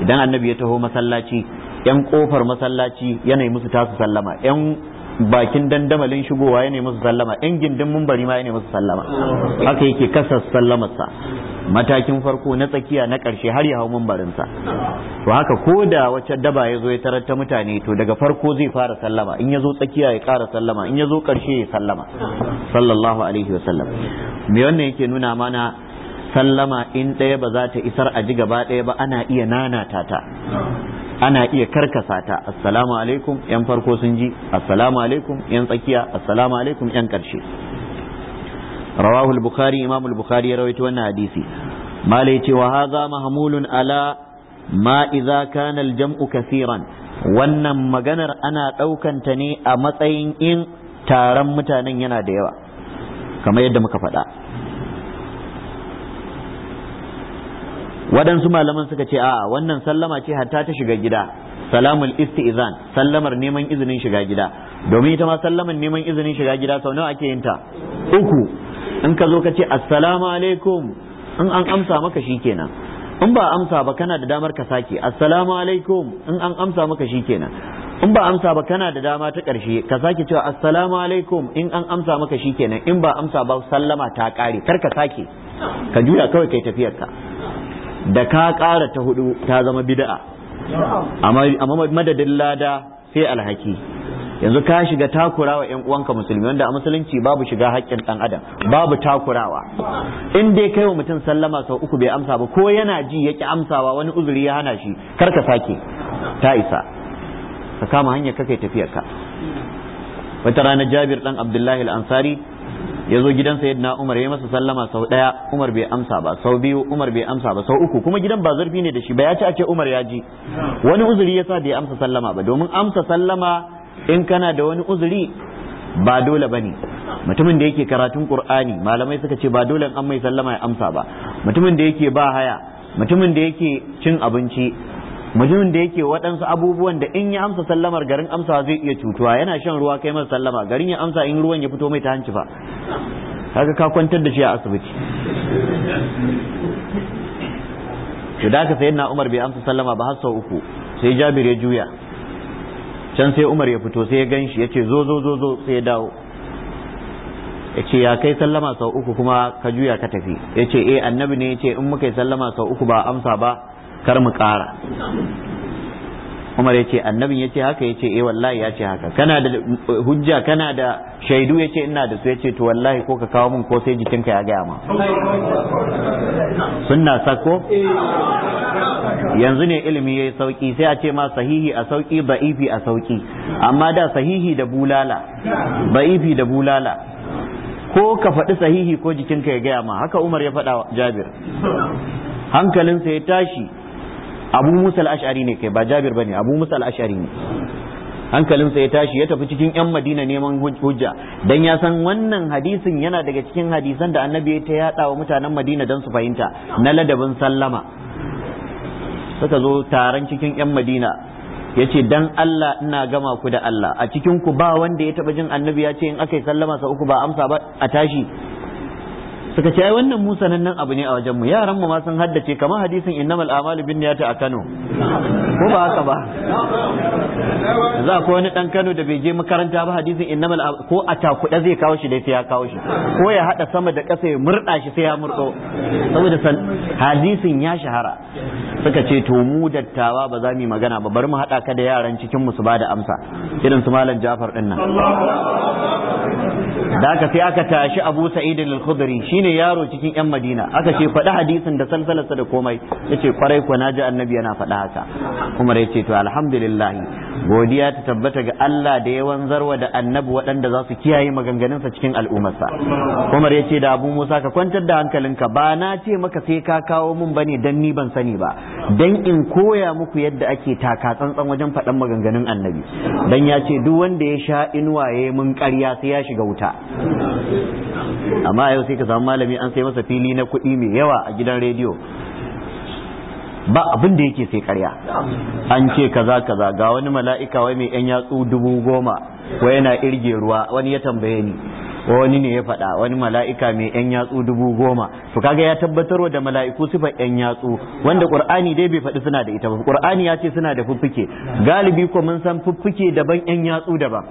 idan annabi ya taho masallaci yan kofar masallaci yanayi musu tasu sallama yan bakin dandamalin shigowa ya musu sallama in gindin mumbari ma ya musu sallama haka yake kasa sallamarsa matakin farko na tsakiya na ƙarshe har ya hau mumbarinsa to haka ko da wacce daba ya zo ya tarar ta mutane to daga farko zai fara sallama in ya zo tsakiya ya ƙara sallama in ya zo ƙarshe ya sallama sallallahu alaihi wasallam me wannan yake nuna mana sallama in ɗaya ba za ta isar a ji gaba ɗaya ba ana iya nanata ta ana iya karkasa ta assalamu alaikum yan farko sun ji assalamu alaikum yan tsakiya assalamu alaikum yan ƙarshe Rawahul bukhari imam bukhari ya rawaito wannan hadisi malai ce wa haza mahmulun ala ma idza kana al-jam'u kaseeran wannan maganar ana ɗaukan ta ne a matsayin in taron mutanen yana da yawa kamar yadda muka faɗa waɗansu malaman suka ce a'a wannan sallama ce hatta ta shiga gida salamul istizan sallamar neman izinin shiga gida domin ita ma sallamar neman izinin shiga gida sau nawa ake yin ta uku in ka zo ka ce assalamu alaikum in an amsa maka shikenan in ba amsa ba kana da damar ka sake assalamu alaikum in an amsa maka shikenan in ba amsa ba kana da dama ta ƙarshe ka sake cewa assalamu alaikum in an amsa maka shikenan in ba amsa ba sallama ta ƙare kar ka sake ka juya kawai kai tafiyarka da ka ƙara ta hudu ta zama bid'a amma madadin lada sai alhaki yanzu ka shiga takura wa yan uwanka musulmi wanda a musulunci babu shiga haƙƙin ɗan adam babu takurawa in dai kai wa mutum sallama sau uku bai amsa ba ko yana ji ya ki amsawa wani uzuri ya hana shi kar ka sake ta isa ka kama hanyar kakai tafiyarka wata rana jabir ɗan abdullahi al-ansari ya zo gidan sayyidina Umar ya masa sallama sau ɗaya Umar bai amsa ba sau biyu Umar bai amsa ba sau uku kuma gidan ba zurfi ne da shi ba ya ci a ce Umar ya ji wani uzuri ya yasa bai amsa sallama ba domin amsa sallama in kana da wani uzuri ba dole bane mutumin da yake karatun Qur'ani malamai suka ce ba dole an mai sallama ya amsa ba mutumin da yake ba haya mutumin da yake cin abinci mutumin da yake waɗansu abubuwan da in ya amsa sallamar garin amsa zai iya cutuwa yana shan ruwa kai masa sallama garin ya amsa in ruwan ya fito mai ta hanci fa kaga ka kwantar da shi a asibiti to da sai na Umar bai amsa sallama ba har sau uku sai Jabir ya juya can sai Umar ya fito sai ya ganshi ya ce zo zo zo sai ya dawo ya ya kai sallama sau uku kuma ka juya ka tafi yace ce eh annabi ne ya ce in muka yi sallama sau uku ba amsa ba kar mu ƙara umar ya ce annabin ya ce haka ya ce eh wallahi ya ce haka kana da hujja kana da shaidu ya ce ina da su ya ce to wallahi ko ka kawo min ko sai jikinka ya gaya ma sunna sako yanzu ne ilimi ya yi sauki sai a ce ma sahihi a sauki ba'ifi a sauki amma da sahihi da bulala ba'ifi da bulala ko ka faɗi sahihi ko jikinka ya gaya ma haka umar ya faɗa jabir hankalinsa ya tashi abu musa al-ash'ari ne kai ba jabir bane abu musa al-ash'ari ne hankalinsa ya tashi ya tafi cikin 'yan madina neman hujja don ya san wannan hadisin yana daga cikin hadisan da annabi ya ta yada wa mutanen madina don su fahimta na ladabin sallama suka zo taron cikin 'yan madina ya ce dan Allah ina gama ku da Allah a cikin ku ba wanda ya taba jin annabi ya ce in aka yi sallama sa uku ba amsa ba a tashi suka ce ai wannan Musa nan nan abu ne a wajen mu yaran mu ma sun haddace kamar hadisin innamal a'malu binniyati a Kano ko ba haka ba za ko wani dan Kano da bai je makaranta ba hadisin innamal ko a takuda zai kawo shi dai sai ya kawo shi ko ya hada sama da kasa ya murda shi sai ya murdo saboda san hadisin ya shahara suka ce to mu dattawa ba za mu magana ba bari mu hada ka da yaran cikin mu su ba da amsa irin su malam Jafar din nan da aka sai aka tashi abu sa'id al-khudri shine yaro cikin yan madina aka ce faɗi hadisin da salsalarsa da komai yace kwarai ko naji annabi yana faɗa haka umar yace to alhamdulillah godiya ta tabbata ga Allah da ya wanzarwa da annabi waɗanda za su kiyaye maganganunsa cikin al'ummarsa umar yace da abu musa ka kwantar da hankalinka ba na ce maka sai ka kawo mun bane dan ni ban sani ba dan in koya muku yadda ake taka tsantsan wajen faɗan maganganun annabi dan ya ce duk wanda ya sha inuwa yayi mun ƙarya sai ya shiga wuta amma yau sai ka samu malami an sai masa fili na kuɗi mai yawa a gidan rediyo ba abin da yake sai karya an ce kaza kaza ga wani mala'ika wai mai yan yatsu dubu goma wai yana irge ruwa wani ya tambaye ni wani ne ya faɗa wani mala'ika mai yan yatsu dubu goma to kaga ya tabbatarwa da mala'iku sifar yan yatsu wanda qur'ani dai bai faɗi suna da ita ba qur'ani ya ce suna da fuffuke galibi ko mun san fuffuke daban yan yatsu daban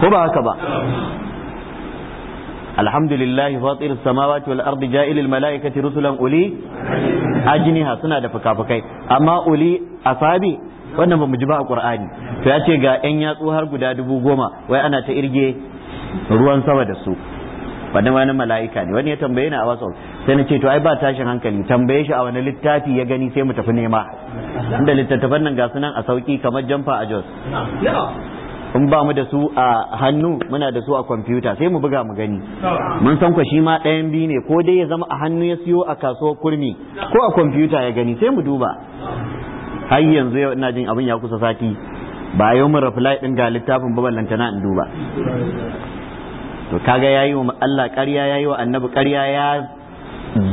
ko ba haka ba الحمد لله فاطر السماوات والارض جائل الملائكه رسلا اولي اجنها suna da fukafukai amma uli asabi wannan ba mu ji ba a qur'ani to ya ce ga yan yatsu har guda dubu goma wai ana ta irge ruwan sama da su Wannan wani mala'ika ne wani ya tambaye ni a wasau sai na ce to ai ba tashin hankali tambaye shi a wani littafi ya gani sai mu tafi nema inda littattafan nan ga sunan a sauki kamar jamfa a jos in ba mu da su a hannu muna da su a kwamfuta sai mu buga mu gani mun san kwa shi ma ɗayan biyu ne ko dai ya zama a hannu ya siyo a kasuwar kurmi ko a kwamfuta ya gani sai mu duba har yanzu yau ina jin abin ya kusa sati ba yau mu reply din ga littafin baballanta na in duba to kaga yayi wa Allah ƙarya yayi wa annabi ƙarya ya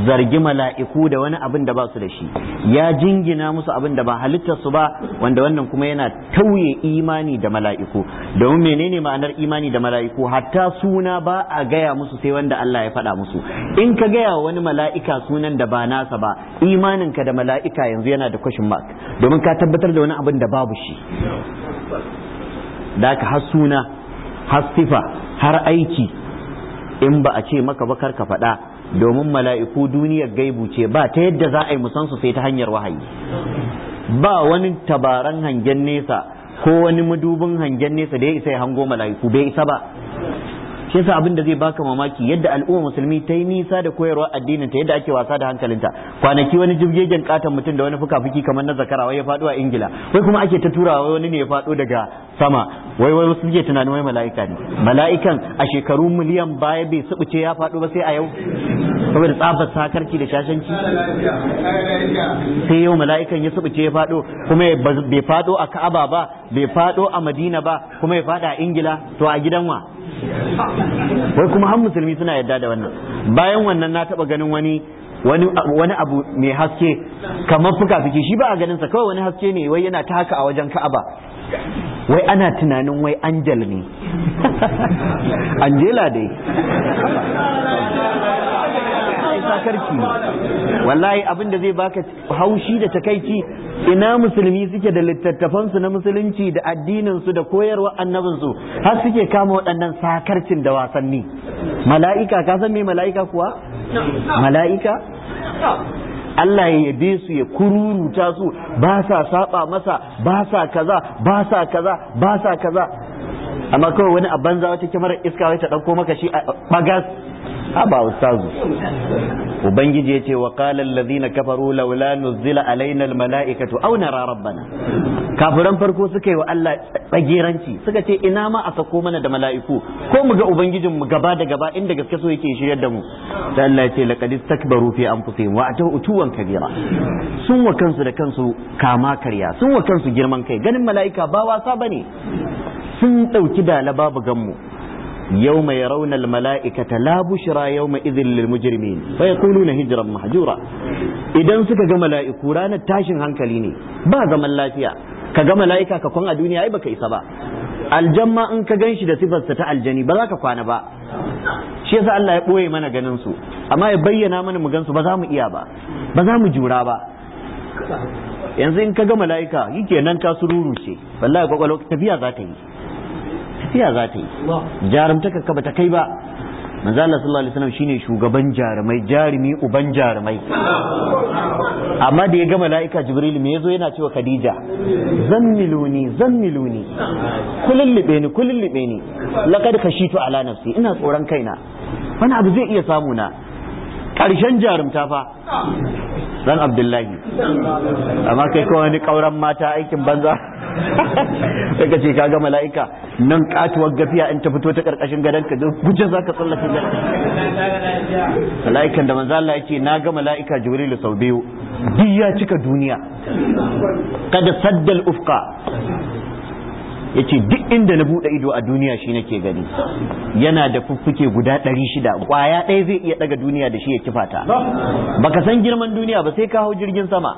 zargi mala'iku da wani abin da ba su da shi ya jingina musu abin da ba halittarsu ba wanda wannan kuma yana tauye imani da mala'iku domin menene ma'anar imani da mala'iku hatta suna ba a gaya musu sai wanda Allah ya faɗa musu in ka gaya wani mala'ika sunan da ba nasa ba Imanin ka da mala'ika yanzu yana da question mark domin ka tabbatar da wani abin da babu shi da ka har suna har sifa har aiki in ba a ce maka ba kar ka faɗa domin mala'iku duniyar gaibu ce ba ta yadda za a yi musansu sai ta hanyar wahayi ba wani tabaran hangen nesa ko wani madubin hangen nesa da ya isa ya hango mala'iku bai isa ba shi yasa abin da zai baka mamaki yadda al'umma musulmi ta yi nisa da koyarwa addinin ta yadda ake wasa da hankalinta kwanaki wani jirgin katon mutum da wani fuka-fuki kamar na zakara wai ya faɗo a ingila wai kuma ake ta turawa wai wani ne ya faɗo daga sama wai wai wasu suke tunanin wai mala'ika ne mala'ikan a shekaru miliyan baya bai subuce ya faɗo ba sai a yau saboda tsafa sakarki da shashanci sai yau mala'ikan ya subuce ya faɗo kuma bai faɗo a ka'aba ba bai faɗo a madina ba kuma ya faɗa a ingila to a gidan wa wai kuma har musulmi suna yadda da wannan bayan wannan na taba ganin wani wani abu mai haske kamar fuka fike shi ba a ganin sa kawai wani haske ne wai yana ta haka a wajen ka'aba wai ana tunanin wai angel ne *laughs* angela dai sakarci ne wallahi abin da zai baka haushi da takaici ina musulmi suke da littattafansu na musulunci da addinin su da koyarwa annabin su har suke kama waɗannan sakarcin da wasanni mala'ika ka san me mala'ika kuwa mala'ika Allah ya yabe su ya kururuta su ba sa saba masa ba sa kaza ba sa kaza ba sa kaza amma kawai wani a banza wata kyamarar iska wai ta ɗauko maka shi a bagas haba ustazu ubangiji yace wa qala alladhina kafaru laula nuzila alaina almalaikatu aw nara rabbana kafiran farko suka yi wa Allah tsagiranci suka ce ina ma a sako mana da mala'iku ko mu ga ubangijin mu gaba da gaba inda gaske so yake shiryar da mu dan Allah yace laqad istakbaru fi anfusihim wa atu utuwan kabira sun wa kansu da kansu kama karya sun wa kansu girman kai ganin mala'ika ba wasa bane sun dauki da babu ganmu يوم يرون الملائكة لا بشرى يوم إذن للمجرمين فيقولون هجرا محجورا إذا ne ملائكة zaman lafiya. Ka بعض من ka فيها كا ملائكة كقوان الدنيا isa ba. aljamma in ka gan shi da sifarsa ta aljani ba za ka kwana ba shi yasa Allah ya ɓoye mana ganin su amma ya bayyana mana mu gan su ba za mu iya ba ba za mu jura ba yanzu in ka ga mala'ika yake nan ta sururu ce wallahi tafiya za yi tafiya za ta yi ba bata kai ba manzo Allah sallallahu alaihi wasallam shine shugaban jarumai jarumi uban jarumai amma da ya ga mala'ika jibril me yazo yana cewa khadija zammiluni zammiluni kullullube ni kullullube ni laqad kashitu ala nafsi ina tsoron kaina wani abu zai iya samu na ƙarshen jarumta fa ɗan abdullahi amma kai kawai wani ƙauran mata aikin banza *laughs* sai ka ce ka ga mala'ika nan katuwar gafiya in ta fito ta ƙarƙashin gadon ka gujin za ka tsallafi da mala'ikan da manzan Allah yake na ga mala'ika jibrilu sau biyu duk ya cika duniya kada saddal ufka. ya ce duk inda na buɗe ido a duniya shi nake gani yana da fuffuke guda ɗari shida ƙwaya ɗaya zai iya ɗaga duniya da shi ya kifa ta baka san girman duniya ba sai ka hau jirgin sama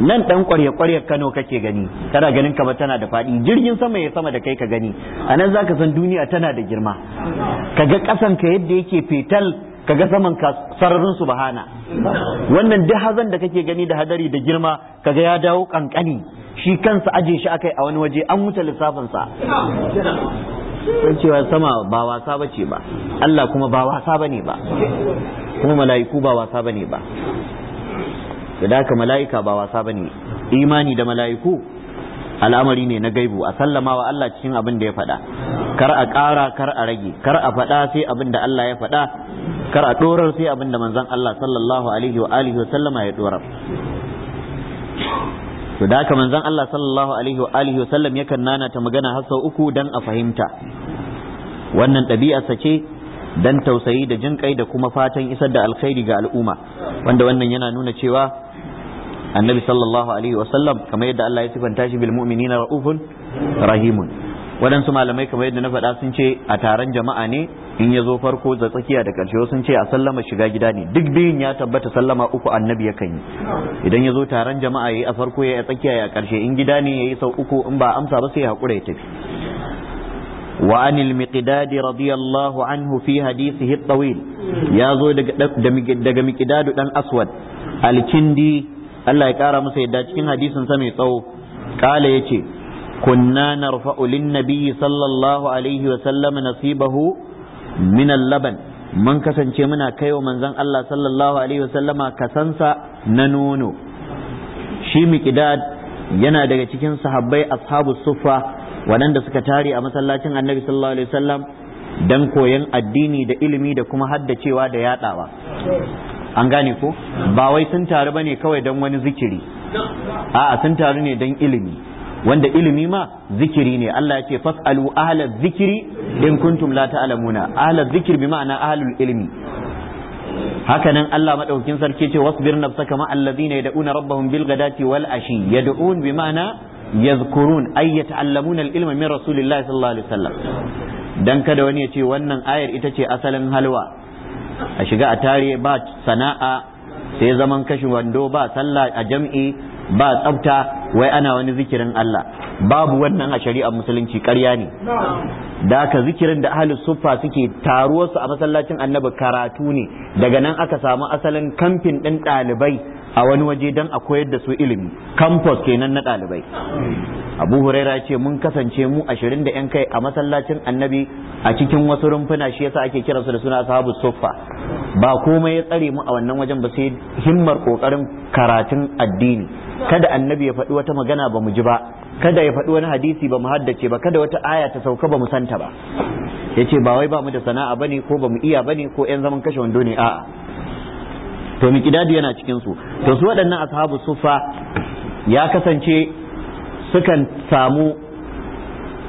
nan ɗan ƙwarya ƙwarya kano kake gani kana ganin kama tana da faɗi jirgin sama ya sama da kai ka gani a nan za ka san duniya tana da girma kaga ƙasan ka yadda yake fetal kaga saman ka sararin subhana wannan duk hazan da kake gani da hadari da girma kaga ya dawo ƙanƙani. shi kansa aje shi akai a wani waje an wuce lissafin sa sun cewa sama ba wasa bace ba Allah kuma ba wasa bane ba kuma mala'iku ba wasa bane ba da haka mala'ika ba wasa bane imani da mala'iku al'amari ne na gaibu a sallama wa Allah cikin abin da ya faɗa kar a ƙara kar a rage kar a faɗa sai abin da Allah ya faɗa kar a ɗorar sai abin da manzon Allah sallallahu alaihi wa alihi wa sallama ya ɗorar to da haka manzon Allah sallallahu alaihi wa alihi wa sallam yakan nana ta magana har sau uku dan a fahimta wannan ɗabi'arsa ce dan tausayi da jin kai da kuma fatan isar da alkhairi ga al'umma wanda wannan yana nuna cewa annabi sallallahu alaihi wa sallam kamar yadda Allah ya sifanta shi bil mu'minina raufun rahimun waɗansu malamai kamar yadda na faɗa sun ce a taron jama'a ne in ya zo farko da tsakiya da ƙarshe sun ce a sallama shiga gida ne duk biyun ya tabbata sallama uku annabi yakan yi idan ya zo taron jama'a ya yi a farko ya yi tsakiya ya ƙarshe in gida ne ya yi sau uku in ba amsa ba sai ya haƙura ya tafi wa anil miqdad radiyallahu anhu fi hadithihi at-tawil ya zo daga miqdad dan aswad al-kindi Allah ya kara masa yadda cikin hadisin sa mai tsawo kala yace kunna narfa'u lin-nabi sallallahu alaihi wa sallam nasibahu اللبن laban mun kasance muna من manzon Allah sallallahu الله عليه kasansa na nono shi miqdad yana daga cikin sahabbai ashabu Sufa waɗanda suka tare a masallacin annabi sallallahu alaihi wasallam dan koyon addini da ilimi da kuma haddacewa da yadawa an gane ko ba wai sun taru bane kawai don wani zikiri a'a sun taru ne don ilimi wanda ilimi ma zikiri ne Allah ya ce fasalu ahla zikiri in kuntum la ta'lamuna ahla zikir bi ma'ana ahlul ilmi hakanan Allah madaukakin sarki ce wasbir nafsaka ma alladhina yad'una rabbahum bil ghadati wal ashi yad'un bi ma'ana yadhkurun ay yata'allamuna al ilma min rasulillahi sallallahu alaihi wasallam dan kada wani ya ce wannan ayar ita ce asalin halwa a shiga a tare ba sana'a sai zaman kashe wando ba sallah a jam'i ba tsafta wai ana wani zikirin Allah babu wannan a shari'ar musulunci ƙarya ne da ka zikirin da ahli suffa suke taruwar su a masallacin annabi karatu ne daga nan aka samu asalin kamfin din ɗalibai a wani waje don a koyar da su ilimi campus kenan na ɗalibai abu huraira ce mun kasance mu ashirin da yan kai a masallacin annabi a cikin wasu rumfuna shi yasa ake kiransu da suna sahabu suffa ba komai ya tsare mu a wannan wajen ba sai himmar kokarin karatun addini kada annabi ya faɗi wata magana ba mu ji ba kada ya faɗi wani hadisi ba mu haddace ba kada wata aya ta sauka ba mu santa ba yace ba wai ba mu da sana'a bane ko ba mu iya bane ko yan zaman kashe wando ne a'a to miqdadu yana cikin su to su waɗannan ashabu sufa ya kasance sukan samu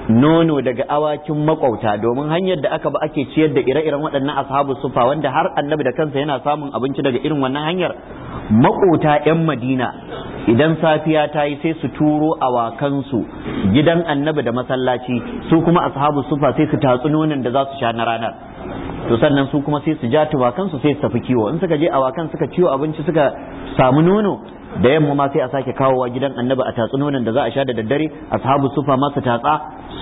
nono daga awakin makwauta domin hanyar da aka ba ake ciyar da ire-iren waɗannan ashabu sufa wanda har annabi da kansa yana samun abinci daga irin wannan hanyar makwauta 'yan madina idan safiya ta yi sai su turo awakansu gidan annabi da masallaci su kuma ashabu sufa sai su tatsu nonin da za su sha na ranar to sannan su kuma sai su ja tubakansu sai su tafi kiwo in suka je awakan suka ciwo abinci suka samu nono da yamma ma sai a sake kawowa gidan annabi a tatsu nonin da za a sha da daddare ashabu sufa ma su tatsa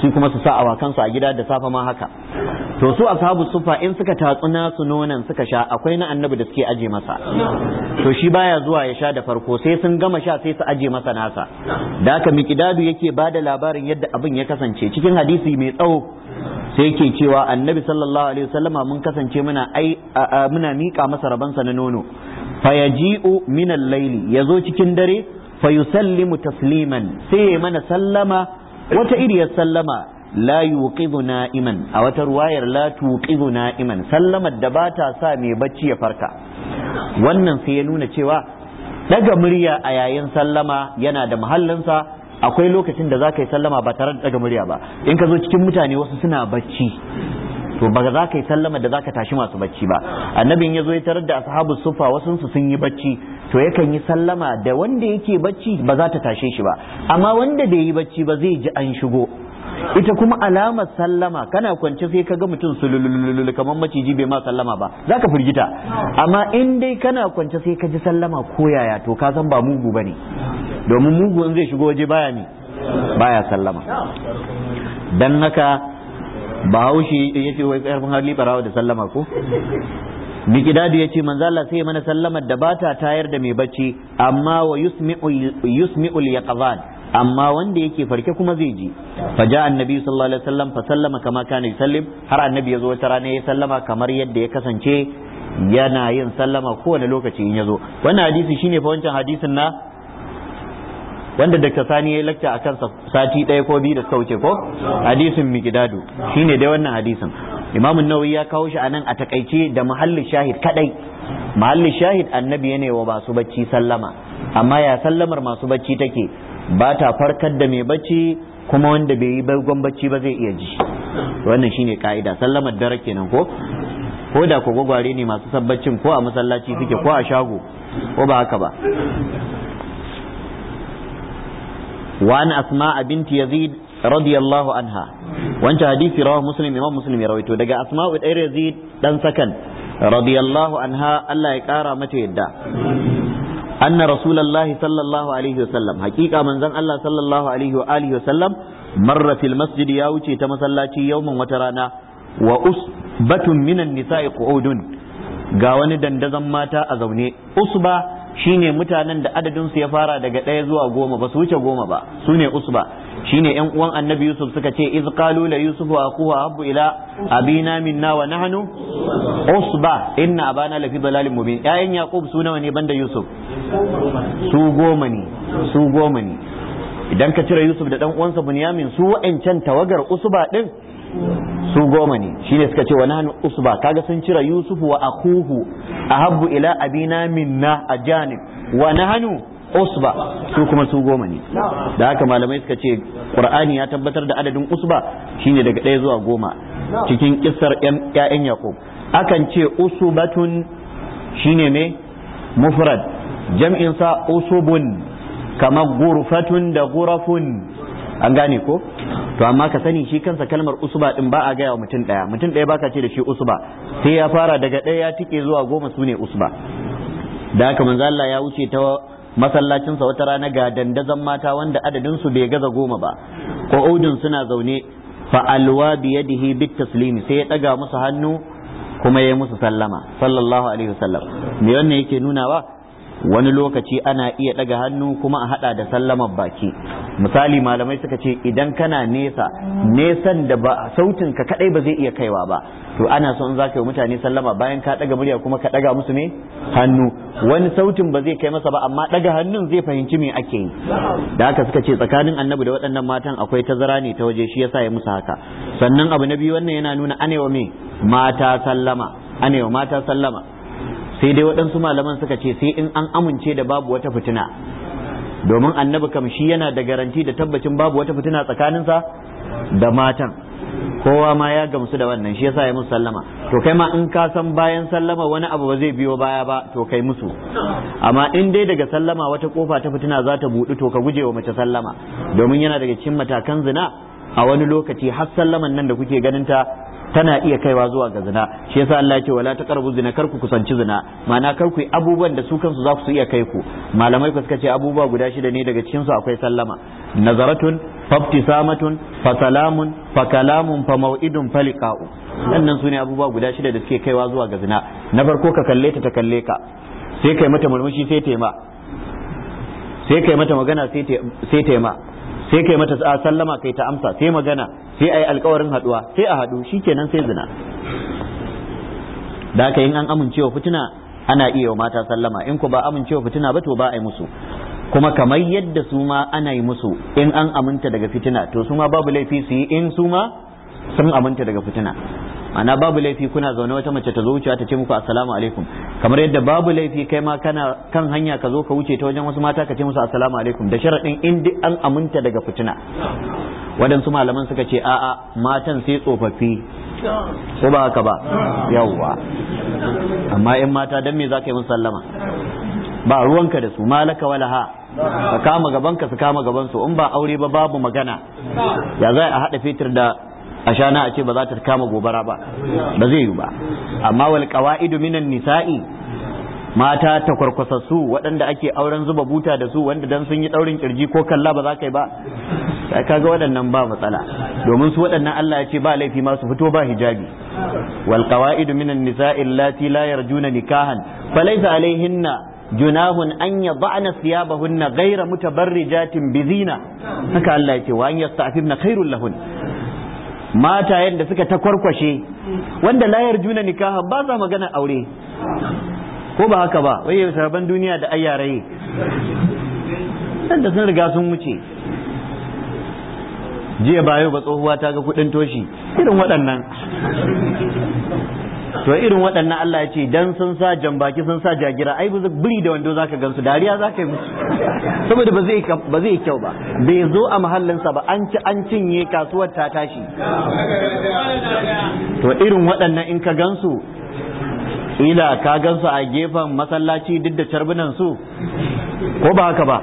su kuma su sa awakansu a gida da safa ma haka to su ashabu sufa in suka tatsu nasu nonon suka sha akwai na annabi da suke aje masa to shi baya zuwa ya sha da farko sai sun gama sha sai su aje masa nasa da haka miqdadu yake da labarin yadda abin ya kasance cikin hadisi mai tsawo sai yake cewa annabi sallallahu alaihi wasallama mun kasance muna ai muna mika masa rabansa na nono fayaji'u min al-layli yazo cikin dare fa yusallimu tasliman sai mana sallama wata iriyar sallama لا يوقظ na'iman a wata ruwayar la tuqidhu na'iman sallamar da bata sa mai bacci ya farka wannan sai ya nuna cewa daga murya a yayin sallama yana da mahallinsa akwai lokacin da za ka yi sallama ba tare da daga murya ba in ka zo cikin mutane wasu suna bacci to ba za ka yi sallama da za tashi masu bacci ba annabin ya zo ya tarar da ashabu sufa wasu sun yi bacci to yakan yi sallama da wanda yake bacci ba za ta tashe shi ba amma wanda bai yi bacci ba zai ji an shigo ita kuma alamar sallama kana kwance sai ka ga mutum sulululul kamar maciji bai ma sallama ba za ka firgita amma in dai kana kwance sai ka ji sallama ko yaya to ka san ba mugu ba ne domin mugu in zai shigo waje baya ne baya sallama dan haka bahaushe ya ce wai tsayar hali barawa da sallama ko Mikidadu ya ce manzo Allah sai mana sallamar da bata tayar da mai bacci amma wa yusmi'ul yaqzan amma wanda yake farke kuma zai ji fa ja annabi sallallahu alaihi wasallam fa sallama kama kana yusallim har annabi yazo zo wata rana ya sallama kamar yadda ya kasance yana yin sallama kowane lokaci in yazo. wannan hadisi shine fa wancan hadisin na wanda Dr. Sani ya lakta a kansa sati ɗaya ko biyu da suka wuce ko hadisin miqdadu shine dai wannan hadisin Imam Nawawi ya kawo shi anan a takaice da muhallin shahid kadai mahallin shahid annabi ne wa masu bacci sallama amma ya sallamar masu bacci take ba ta farkar da mai bacci kuma wanda bai yi bagon bacci ba zai iya ji wannan shine ka'ida sallamar dare kenan ko ko da ko gwagware ne masu sabbacin ko a masallaci suke ko a shago ko ba haka ba وعن أسماء بنت يزيد رضي الله عنها وانت حديث رواه مسلم إمام مسلم يرويته دقى أسماء بنت يزيد دان سكن رضي الله عنها الله يكارى متى يدى anna rasulullahi sallallahu alaihi wasallam hakika manzon Allah sallallahu alaihi wa alihi wasallam masjid ya wuce ta masallaci yaumin wata rana wa usbatun minan nisa'i qu'udun ga wani dandazon mata a zaune usba shine mutanen da adadin su ya fara daga ɗaya zuwa goma ba su wuce goma ba su ne usba shine yan uwan annabi yusuf suka ce iz qalu la yusuf wa aquhu habbu ila abina minna wa nahnu usba inna abana fi dalalin mubin yayan yaqub su nawa ne banda yusuf su goma ne su goma ne idan ka cire yusuf da dan uwansa bunyamin su wa'ancan tawagar usba din su goma ne shi ne suka ce wa nahnu usba kaga sun cira yusuf wa akuhu ahabbu ila abina minna janib wa nahnu usba su kuma su goma ne da haka malamai suka ce qur'ani ya tabbatar da adadin usba shine daga ɗaya zuwa goma cikin kissar ƴaƴan yaqub akan ce usubatun shine me mufrad jam'in sa usubun kamar gurfatun da gurafun an gane ko to amma ka sani shi kansa kalmar usuba din ba a gaya wa mutum daya mutum daya baka ce da shi usuba sai ya fara daga daya ya tike zuwa goma sune usba. usuba da haka manzo Allah ya wuce ta masallacinsa wata rana ga dandazan mata wanda adadin su bai gaza goma ba ko qu'udun suna zaune fa alwa bi yadihi bit taslimi sai ya daga musu hannu kuma ya musu sallama sallallahu alaihi wasallam me wannan yake nunawa wani lokaci ana iya ɗaga hannu kuma a haɗa da sallamar baki misali malamai suka ce idan kana nesa nesan da ba sautin ka kadai ba zai iya kaiwa ba to ana so in zaka yi mutane sallama bayan ka ɗaga murya kuma ka ɗaga musu ne hannu wani sautin ba zai kai masa ba amma ɗaga hannun zai fahimci me ake yi da haka suka ce tsakanin annabi da waɗannan matan akwai tazara ne ta waje shi yasa ya musu haka sannan abu na biyu wannan yana nuna anewa me mata sallama anewa mata sallama sai dai waɗansu malaman suka ce sai in an amince da babu wata fitina domin annabi kam shi yana da garanti da tabbacin babu wata fitina tsakaninsa da matan kowa ma ya gamsu da wannan shi yasa ya musu sallama to kai ma in ka san bayan sallama wani abu ba zai biyo baya ba to kai musu amma in dai daga sallama wata kofa ta fitina za ta buɗu to ka guje wa mace sallama domin yana daga cikin matakan zina a wani lokaci har sallaman nan da kuke ganin ta tana iya kaiwa zuwa ga zina shi yasa Allah yake wala ta karbu zina kar ku kusanci zina mana kar ku abubuwan da su kansu za su iya kai ku malamai ku suka ce abubuwa guda shida ne daga cikin su akwai sallama nazaratun fabtisamatun fa salamun fa kalamun fa mau'idun fa abubuwa guda shida da suke kaiwa zuwa ga zina na farko ka kalle ta ta kalle ka sai kai mata murmushi sai tema sai kai mata magana sai tema sai kai mata sallama kai ta amsa sai magana sai ai alkawarin haduwa sai a hadu shikenan sai zina da haka in an amincewa fitina ana iya wa mata sallama in ku ba amincewa fitina ba to ba a yi musu kuma kamar yadda su ma ana yi musu in an aminta daga fitina to su ma babu laifi su yi in su ma sun aminta daga fitina ana babu laifi kuna zaune wata mace ta zo wucewa ta ce muku assalamu alaikum kamar yadda babu laifi kai ma kana kan hanya ka zo ka wuce ta wajen wasu mata ka ce musu assalamu alaikum da sharaɗin in duk an aminta daga fitina waɗansu malaman suka ce a'a matan sai tsofaffi ko ba haka ba yawwa amma in mata dan me zaka yi musu sallama ba ruwanka da su malaka wala ha ka kama gaban ka su kama gaban su in ba aure ba babu magana ya za a haɗa fitir da a shana a ce ba za ta kama gobara ba ba zai yi ba amma wal qawaidu minan nisa'i mata ta kwarkwasassu waɗanda ake auren zuba buta da su wanda dan sun yi ɗaurin kirji ko kalla ba za ka yi ba sai kaga waɗannan ba matsala domin su waɗannan Allah ya ce ba laifi ma su fito ba hijabi wal qawaidu minan nisa'i allati la yarjuna nikahan falaysa alaihinna جناه أن يضعن ثيابهن غير متبرجات بزينة هكا الله يتي وأن يستعففن خير لهن mata yadda suka ta kwarkwashe wanda layar juna nikaha ba za magana aure ko ba haka ba wai sababan duniya da ayyarai sanda sun riga sun wuce jiya bayo ba tsohuwa ta ga kudin toshi irin waɗannan to irin waɗannan Allah ya ce dan sun sa jambaki sun sa jagira ai biri da wando zaka gansu dariya zaka yi musu saboda ba zai ba zai kyau ba bai zo a mahallin sa ba an ci an cinye kasuwar ta tashi to irin waɗannan in ka gansu ila ka gansu a gefen masallaci duk da carbunan su ko ba haka ba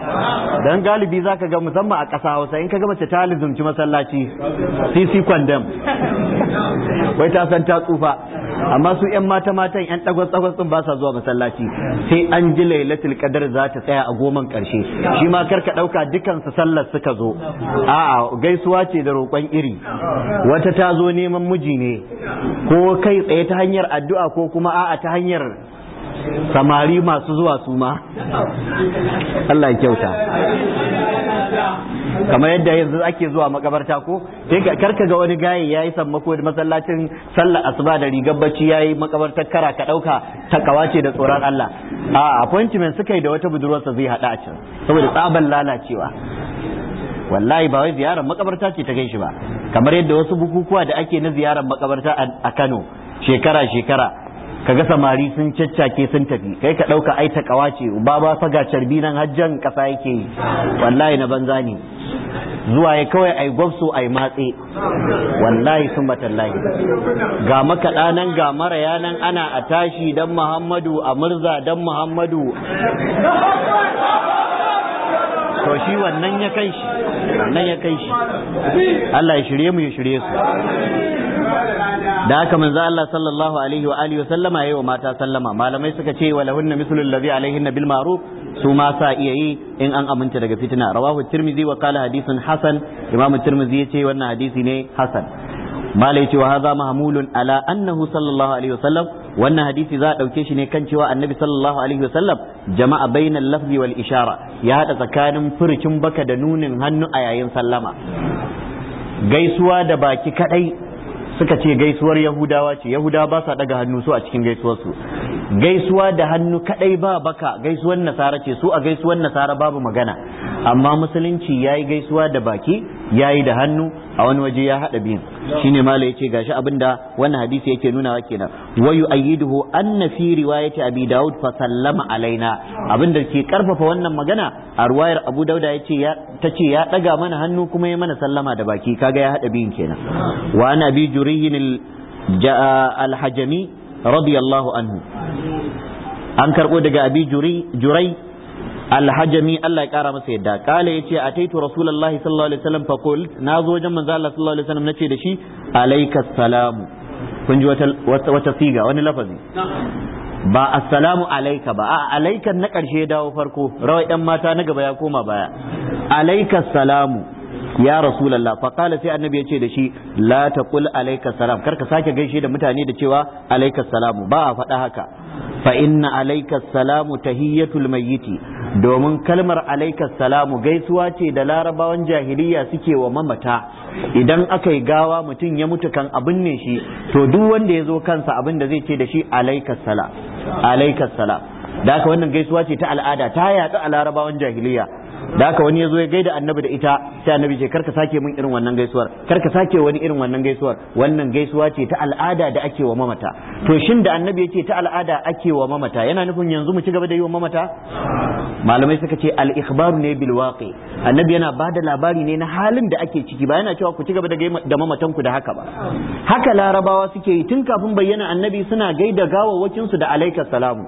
dan galibi zaka ga musamman a ƙasa Hausa in ka ga mace ta lizumci masallaci CC condemn wai ta san ta tsufa amma su yan mata matan yan dagwas dagwas din ba sa zuwa masallaci sai an ji lailatul qadar za ta tsaya a goman karshe shi ma karka dauka dukan su sallar suka zo a'a gaisuwa ce da roƙon iri wata ta zo neman miji ne ko kai tsaye ta hanyar addu'a ko kuma a'a ta hanyar samari masu zuwa su ma Allah ya kyauta kamar yadda yanzu ake zuwa makabarta ko sai karka ga wani gaye yayi sammako da masallacin sallar asuba da rigar bacci yayi makabartar kara ka dauka ta kawace da tsoron Allah a appointment suka yi da wata budurwarsa zai hada a can saboda tsaban lalacewa wallahi ba wai ziyarar makabarta ce ta gaishi shi ba kamar yadda wasu bukukuwa da ake na ziyarar makabarta a Kano shekara shekara kaga samari sun caccake sun tafi kai ka ɗauka ai ta kawace ba ba faga carbi nan hajjan ƙasa yake yi wallahi na banza ne zuwa ya kawai ai gwabso ai matse wallahi sun batallahi ga makaɗa nan ga maraya nan ana a tashi dan muhammadu a murza dan muhammadu to shi wannan ya kai shi wannan ya kai shi Allah ya shirye mu ya shirye su da haka manzo Allah sallallahu alaihi wa alihi sallama yayi wa mata sallama malamai suka ce wa lahunna mislul ladhi alaihinna bil ma'ruf su ma sa iya yi in an aminta daga fitina rawahu tirmidhi wa qala hadithun hasan imamu tirmidhi yace wannan hadisi ne hasan malai ce wa hadha mahmulun ala annahu sallallahu alaihi wa sallam wannan hadisi za a dauke shi ne kan cewa annabi sallallahu alaihi wa sallam jama'a bainal lafzi wal ishara ya hada tsakanin furucin baka da nunin hannu a yayin sallama gaisuwa da baki kadai suka ce gaisuwar yahudawa ce yahudawa ba sa daga hannu su a cikin gaisuwarsu gaisuwa da hannu kadai ba baka gaisuwar nasara ce su a gaisuwar nasara babu magana amma musulunci yayi gaisuwa da baki yayi da hannu a wani waje ya haɗa biyun shine mala yace gashi abinda wannan hadisi yake nuna nunawa kenan wa yu'ayyiduhu anna fi riwayati abi daud fa sallama alaina abinda ke karfafa wannan magana a ruwayar abu dauda yace ya tace ya daga mana hannu kuma ya mana sallama da baki kaga ya hada biyun kenan wa ana bi juriyyin al-hajami radiyallahu anhu an karbo daga abi jurai alhajami Allah ya kara masa yadda kala yace ataitu rasulullahi sallallahu alaihi wasallam fa qul zo wajen manzo Allah sallallahu alaihi wasallam nace da shi alayka salamu kun ji wata wata siga wani lafazi ba assalamu alaika ba a alaikan na karshe dawo farko rawai yan mata na gaba ya koma baya alaikas salamu ya rasulullah fa qala sai annabi ya ce da shi la taqul alayka salam karka sake gaishe da mutane da cewa alayka salam ba a faɗa haka fa inna alayka salam tahiyatul mayyiti domin kalmar alayka salam gaisuwa ce da larabawan jahiliya suke wa mamata idan aka yi gawa mutum ya mutu kan abin ne shi to duk wanda ya zo kansa abin da zai ce da shi alayka salam alayka salam da haka wannan gaisuwa ce ta al'ada ta yaɗu a larabawan jahiliya da haka wani ya zo ya gaida annabi da ita sai annabi ce karka sake min irin wannan gaisuwar karka sake wani irin wannan gaisuwar wannan gaisuwa ce ta al'ada da ake wa mamata to shin da annabi yake ta al'ada ake wa mamata yana nufin yanzu mu ci gaba da yi wa mamata malamai suka ce al ikhbaru ne bil waqi annabi yana bada labari ne na halin da ake ciki ba yana cewa ku ci gaba da da mamatan ku da haka ba haka larabawa suke yi tun kafin bayyana annabi suna gaida gawawakin su da alaikas salamu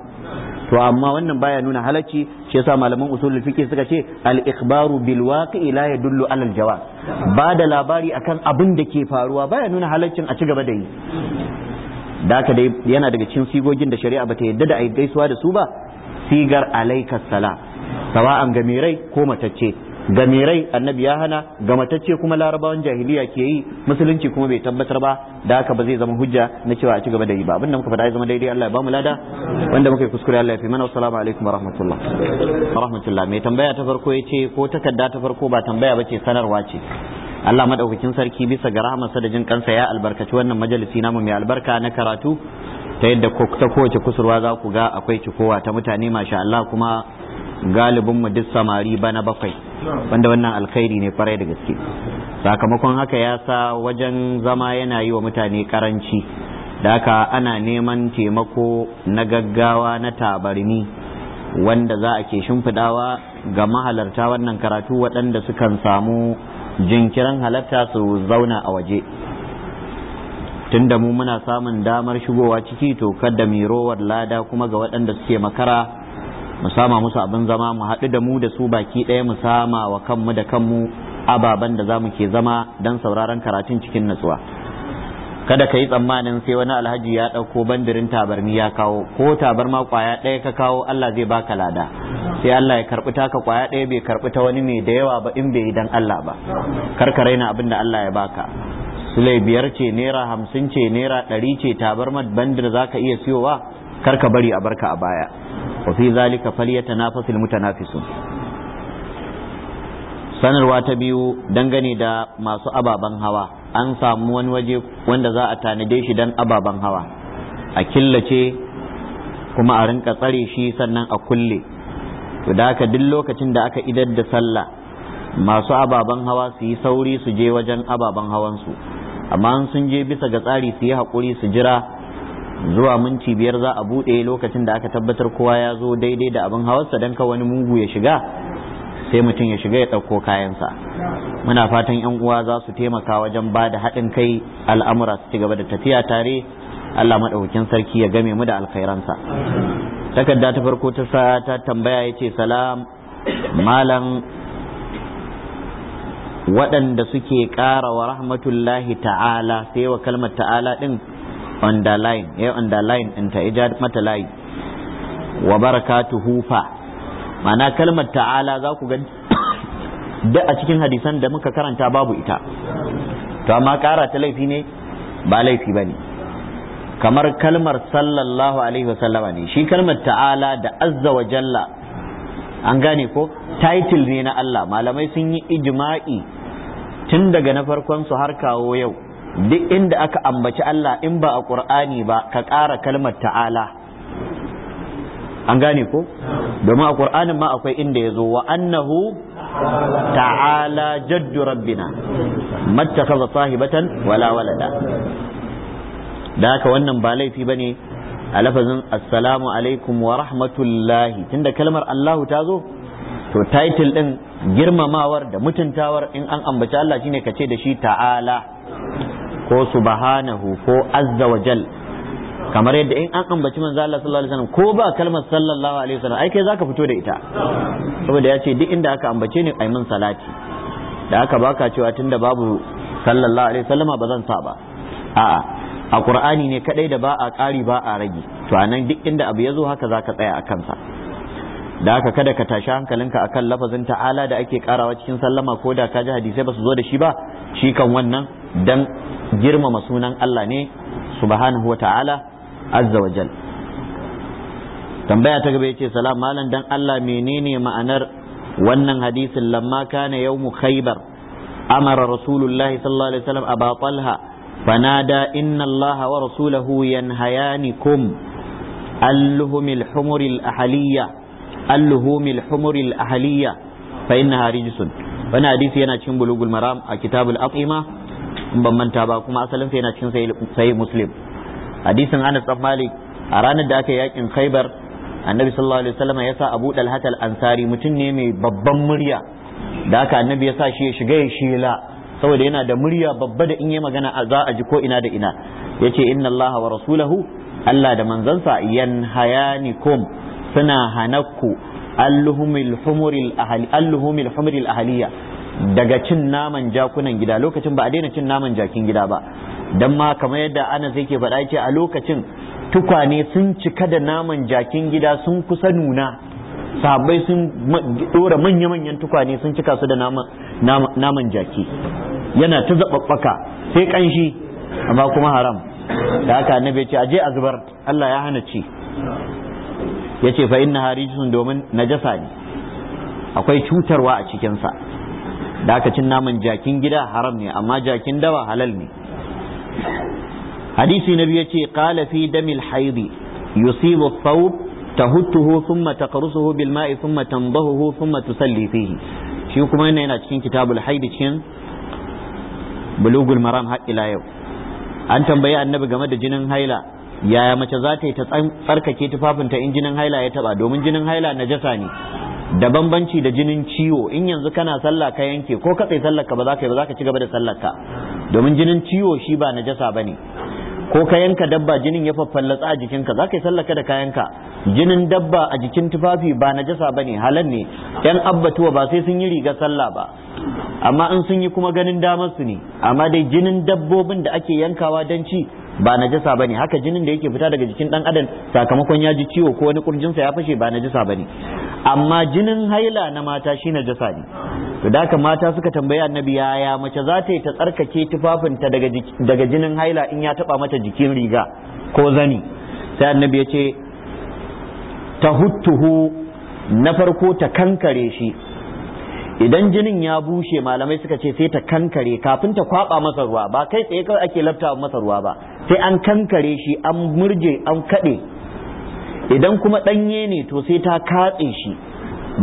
to amma wannan baya nuna halacci shi yasa malaman usul fiqh suka ce al ikhbaru bil waqi'i la yadullu ala al jawaz ba da labari akan abin da ke faruwa baya nuna halaccin a ci gaba da yi da haka dai yana daga cikin sigogin da shari'a bata yadda da ai gaisuwa da su ba sigar alaikasala. sala sawa'an ga Mirai ko matacce ga mirai annabi ya hana ga matacce kuma larabawan jahiliya ke yi musulunci kuma bai tabbatar ba da haka ba zai zama hujja na cewa a ci gaba da yi ba abinda muka faɗa ya zama daidai Allah ya bamu lada wanda muka yi kuskure Allah ya fi mana assalamu alaikum warahmatullah warahmatullah mai tambaya ta farko yace ko takarda ta farko ba tambaya bace sanarwa ce Allah madaukakin sarki bisa ga rahamarsa da jin kansa ya albarkaci wannan majalisi namu mai albarka na karatu ta yadda ta kowace kusurwa za ku ga akwai cikowa ta mutane masha Allah kuma galibin mu duk samari bana bakwai wanda wannan alkhairi ne kwarai da gaske sakamakon haka ya sa wajen zama yana yi wa mutane karanci da haka ana neman taimako na gaggawa na tabarni wanda za a ke shimfidawa ga mahalarta wannan karatu waɗanda sukan samu jinkirin halatta su zauna a waje tun da mu muna samun damar shigowa ciki to kada mai rowar lada kuma ga waɗanda suke makara mu sama musu abin zama mu haɗu da mu da su baki ɗaya mu sama wa kanmu da kanmu ababen da za mu ke zama don sauraron karatun cikin natsuwa kada ka yi tsammanin sai wani alhaji ya ɗauko bandirin tabarmi ya kawo ko tabarma kwaya ɗaya ka kawo Allah zai baka lada sai Allah ya karɓi taka kwaya ɗaya bai karɓi ta wani mai da yawa ba in bai yi dan Allah ba karka raina abin da Allah ya baka sulai biyar ce naira hamsin ce naira ɗari ce tabarmar bandir za ka iya siyowa kar ka bari a barka a baya wa fi zalika falyatanafasul mutanafisun sanarwa ta biyu dangane da masu ababen hawa an samu wani waje wanda za a tanade shi dan ababen hawa a killace kuma a rinka tsare shi sannan a kulle to da haka duk lokacin da aka idar da sallah masu ababen hawa su yi sauri su je wajen ababen hawansu amma sun je bisa ga tsari su yi haƙuri su jira zuwa minti biyar za a buɗe lokacin da aka tabbatar kowa ya zo daidai da abin hawarsa don ka wani mugu ya shiga sai mutum ya shiga ya ɗauko kayansa muna fatan yan uwa za su taimaka wajen ba da haɗin kai al'amura su ci gaba da tafiya tare Allah maɗaukakin sarki ya game mu da alkhairansa takarda ta farko ta sa ta tambaya ya ce salam malam waɗanda suke ƙara wa rahmatullahi ta'ala sai wa kalmar ta'ala ɗin underline ya underline inta ija mata layi wa barakatuhu fa Mana kalmar ta'ala za ku ga *coughs* duk a cikin hadisan da muka karanta babu ita to amma kara ta laifi ne ba laifi ba ne kamar kalmar sallallahu alaihi wasallama ne shi kalmar ta'ala da azza wa jalla an gane ko title ne na Allah malamai sun yi ijma'i tun daga na farkon su har kawo yau duk inda aka ambaci Allah in ba a ƙur'ani ba ka ƙara kalmar ta'ala an gane ko domin a ƙur'anin ma akwai inda ya zo wa annahu ta'ala jaddu rabbina mattakaza sahibatan wala walada da haka wannan ba laifi bane a lafazin assalamu alaikum wa rahmatullahi tunda kalmar Allahu ta zo to title din girmamawar da mutuntawar in an ambaci Allah shine ka ce da shi ta'ala ko subhanahu ko azza wa jal kamar yadda in an ambaci manzo Allah sallallahu alaihi wasallam ko ba kalmar sallallahu alaihi wasallam ai kai zaka fito da ita saboda ya ce duk inda aka ambace ni ai min salati da aka baka cewa tunda babu sallallahu alaihi wasallam ba zan sa ba a'a a qur'ani ne kadai da ba a kari ba a rage to anan duk inda abu yazo haka zaka tsaya a kansa da haka kada ka tashi hankalinka akan lafazin ta'ala da ake karawa cikin sallama ko da ka ji hadisai ba su zo da shi ba shi kan wannan dan girmama sunan Allah ne subhanahu wa ta'ala azza wa jal tambaya ta gaba yace salam malam dan Allah menene ma'anar wannan hadisin lamma kana yawmu khaybar amara rasulullahi sallallahu alaihi wasallam aba talha fanada inna allah wa rasuluhu yanhayanikum alluhumil الحمر الأحلية اللهوم الحمر الأهلية فإنها رجس وانا حديث ينا تشين بلوغ المرام كتاب الأطعمة بمن تابعكم أصلا فينا تشين سي مسلم حديث أنس بن مالك أرانا داك ياكن خيبر annabi sallallahu alaihi wasallam ya sa abu buɗa al-ansari mutum ne mai babban murya da haka annabi ya sa shi ya shiga ya shila. saboda yana da murya babba da in ya magana za a ji ko ina da ina yace inna allaha wa rasulahu Allah da manzansa yanhayanikum suna hanakku alluhumil humuril ahaliya daga cin naman jakunan gida lokacin ba a daina cin naman jakin gida ba don ma kamar yadda ana sai ke faɗa ce a lokacin tukwane sun cika da naman jakin gida sun kusa nuna sabai sun ɗora manya-manyan tukwane sun cika su da naman jaki yana ta zaɓaɓɓaka sai ƙanshi amma kuma haram da haka annabi ce aje a zubar Allah ya hana ci yace fa inna harijisun domin najasa ne akwai cutarwa a cikinsa da aka cin naman jakin gida haram ne amma jakin dawa halal ne hadisi na biyu yace qala fi damil haidi yusibu thawb tahuttuhu thumma taqrusuhu sun mata thumma tanbahuhu thumma tusalli fihi shi kuma yana yana cikin kitabul haidi cikin bulugul maram har yau an tambayi annabi game da jinin haila yaya mace za ta yi ta tsarkake tufafinta in jinin haila ya taba domin jinin haila na jasa ne da bambanci da jinin ciwo in yanzu kana sallah ka yanke ko ka tsaye sallar ka ba za ka yi ba za ka ci gaba da sallar ka domin jinin ciwo shi ba najasa bane ko ka yanka dabba jinin ya faffallatsa a jikinka za ka yi ka da kayanka jinin dabba a jikin tufafi ba najasa ba ne halan ne yan abbatuwa ba sai sun yi riga sallah ba amma in sun yi kuma ganin damar su ne amma dai jinin dabbobin da ake yankawa don ci ba najasa bane haka jinin da yake fita daga jikin dan adam sakamakon ya ji ciwo ko wani kurjinsa ya fashe ba najasa bane amma jinin haila na mata shi najasa ne to da mata suka tambayi annabi yaya mace za ta yi ta tsarkake tufafinta daga daga jinin haila in ya taba mata jikin riga ko zani sai annabi ya ce tahuttuhu na farko ta kankare shi idan jinin ya bushe malamai suka ce sai ta kankare kafin ta kwaba masa ruwa ba kai tsaye kawai ake lafta masa ruwa ba sai an kankare shi an murje an kaɗe idan kuma ɗanye ne to sai ta katse shi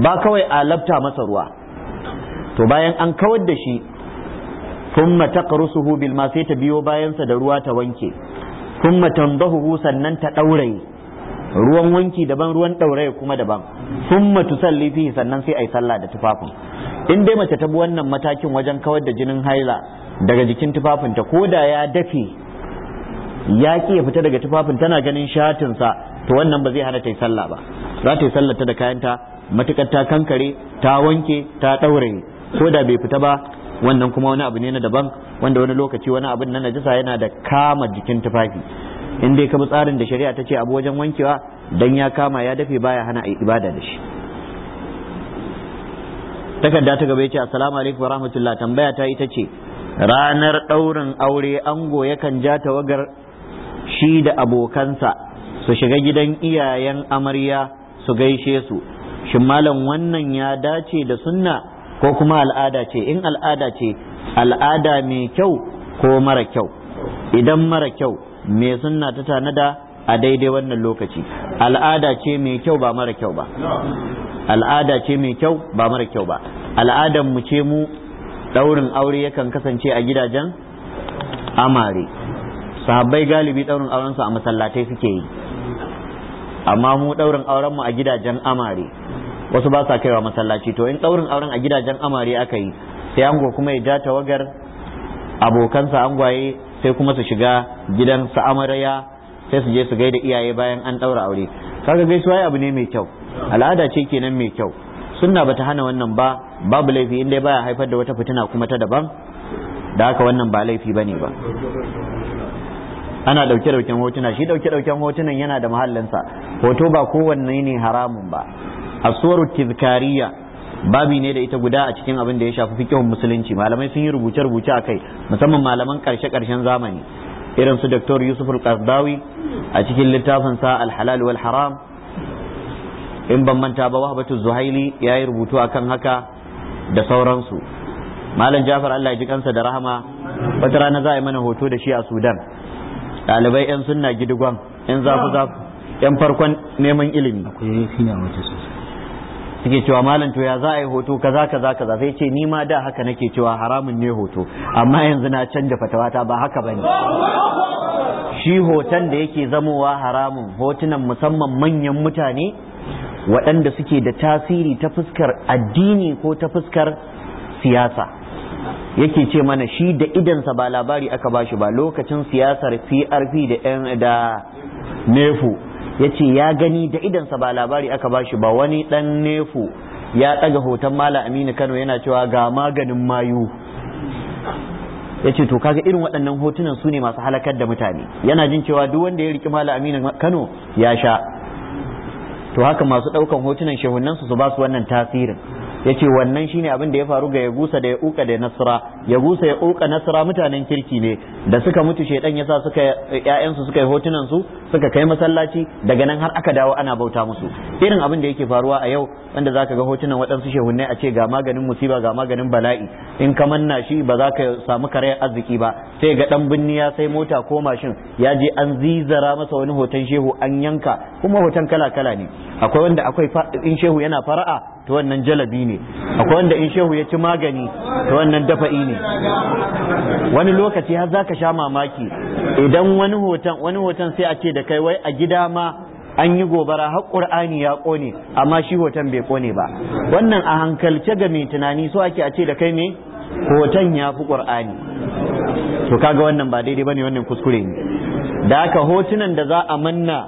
ba kawai a lafta masa ruwa to bayan an kawar da shi thumma taqrusuhu bil ma sai ta biyo bayansa da ruwa ta wanke thumma tandahu sannan ta ɗauraye ruwan wanki daban ruwan ɗaurai kuma daban sun matu fiye sannan sai a yi sallah da tufafin in dai mace ta bi wannan matakin wajen kawar da jinin haila daga jikin tufafinta ko da ya dafe ya ki ya fita daga tufafin tana ganin shatinsa to wannan ba zai hana ta yi sallah ba za ta yi sallah ta da kayanta matukar ta kankare ta wanke ta ɗauraye ko da bai fita ba wannan kuma wani abu ne na daban wanda wani lokaci wani abin na najasa yana da kama jikin tufafi in dai ka bi tsarin da shari'a ta ce abu wajen wankewa dan ya kama ya dafe baya hana ibada da shi takarda ta gaba ya ce assalamu alaikum warahmatullah tambaya ta ita ce ranar ɗaurin aure ango yakan ja tawagar shi da abokansa su shiga gidan iyayen amarya su gaishe su shin malam wannan ya dace da sunna ko kuma al'ada ce in al'ada ce al'ada mai kyau ko mara kyau idan mara kyau me sunna ta tanada a daidai wannan lokaci al'ada ce mai kyau ba mara kyau ba al'ada ce mai kyau ba mara kyau ba al'adan mu ce mu daurin aure yakan kasance a gidajen amare sahabbai galibi daurin auren su a masallatai suke yi amma mu daurin auren mu a gidajen amare wasu ba sa kaiwa masallaci to in daurin auren a gidajen amare aka yi sai ango kuma ya ja tawagar abokansa angwaye sai kuma su shiga gidan su amarya sai su je su gaida iyaye bayan an ɗaura aure kaga gaisuwa abu ne mai kyau al'ada ce kenan mai kyau sunna bata hana wannan ba babu laifi inda baya haifar da wata fitina kuma ta daban da haka wannan ba laifi bane ba ana dauke dauken hotuna shi dauke dauken hotunan yana da mahallinsa hoto ba kowanne ne haramun ba aswaru tizkariya babi ne da ita guda a cikin abin da ya shafi fikihun musulunci malamai sun yi rubuce rubuce a kai musamman malaman karshe karshen zamani irin su Dr. Yusuf al a cikin littafin sa Al-Halal wal Haram in ban manta ba Wahbatu Zuhaili yi rubutu akan haka da sauransu Malam Jafar Allah ji kansa da rahama wata rana za a yi mana hoto da shi a Sudan ɗalibai 'yan sunna gidigon 'yan zafi-zafi 'yan farkon neman ilimi suke cewa malam to ya za a yi hoto kaza kaza kaza sai ce ni ma da haka nake cewa haramun ne hoto amma yanzu na canja fatawata ba haka bane shi hoton da yake zamowa haramun hotunan musamman manyan mutane waɗanda suke da tasiri ta fuskar addini ko ta fuskar siyasa yake ce mana shi da idansa ba labari aka bashi ba lokacin siyasar prp da da nefu ya ce ya gani da idansa ba labari aka ba shi ba wani ɗan nefu ya ɗaga hoton mala aminu kano yana cewa ga maganin mayu ya ce to kaga irin waɗannan hotunan su ne masu halakar da mutane yana jin cewa duk wanda ya riƙi mala aminu kano ya sha to haka masu ɗaukan hotunan shehunansu su ba su wannan tasirin yace wannan shi ne abin da ya faru ga yagusa da ya uka da nasra yagusa ya uka nasra mutanen kirki ne da suka mutu shedan yasa suka ƴaƴan su suka yi hotunan su suka kai masallaci daga nan har aka dawo ana bauta musu irin abin da yake faruwa a yau wanda zaka ga hotunan waɗansu shehunnai a ce ga maganin musiba ga maganin bala'i in ka manna shi ba za ka samu karayar arziki ba sai ga dan binni ya sai mota ko mashin ya je an zizara masa wani hoton shehu an yanka kuma hoton kala kala ne akwai wanda akwai in shehu yana fara'a to wannan jalabi ne akwai wanda in shehu ya ci magani to wannan dafa'i ne wani lokaci har zaka sha mamaki idan wani hoton wani hoton sai a ce da kai wai a gida ma an yi gobara har qur'ani ya kone amma shi hoton bai kone ba wannan a hankalce ga mai tunani so ake a ce da kai ne hoton ya fi qur'ani to kaga wannan ba daidai bane wannan kuskure ne da aka hotunan da za a manna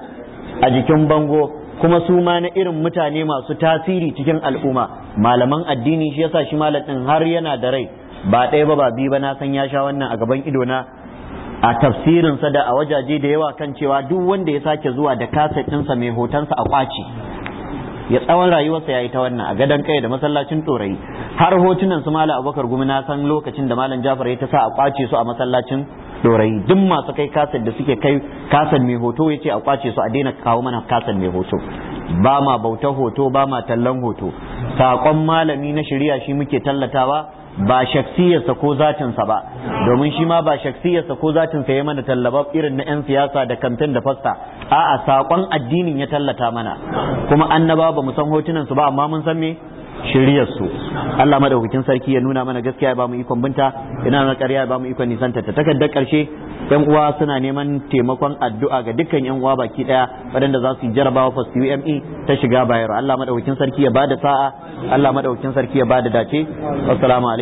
a jikin bango kuma su ma na irin mutane masu tasiri cikin al'umma malaman addini shi yasa shi malam din har yana da rai ba ɗaya ba ba ba na san ya sha wannan a gaban ido na a tafsirinsa da a wajaje da yawa kan cewa duk wanda ya sake zuwa da kaset sa mai hotonsa a kwaci ya tsawon rayuwarsa ya yi ta wannan a gadon kai da masallacin tsorai har hotunan su malam abubakar gumi na san lokacin da malam jafar ya ta sa a kwace su a masallacin dorayi duk masu kai kasar da suke kai kasar mai hoto ya ce a kwace su a daina kawo mana kasar mai hoto ba ma bauta hoto ba ma tallan hoto sakon malami na shirya shi muke tallatawa ba shaksiyarsa ko zatinsa ba domin shi ma ba shaksiyarsa ko zatinsa ya mana tallaba irin na 'yan siyasa da kamfen da fasta a'a saƙon addinin ya tallata mana kuma annaba ba mu san hotunansu ba amma mun san me su Allah madaukakin sarki ya nuna mana gaskiya ya bamu ikon binta ina na ƙarya ya bamu ikon nisanta ta takardar ƙarshe yan uwa suna neman taimakon addu'a ga dukkan yan uwa baki daya waɗanda za su jarabawa fas UME ta shiga bayar Allah madaukakin sarki ya bada sa'a Allah madaukakin sarki ya bada dace assalamu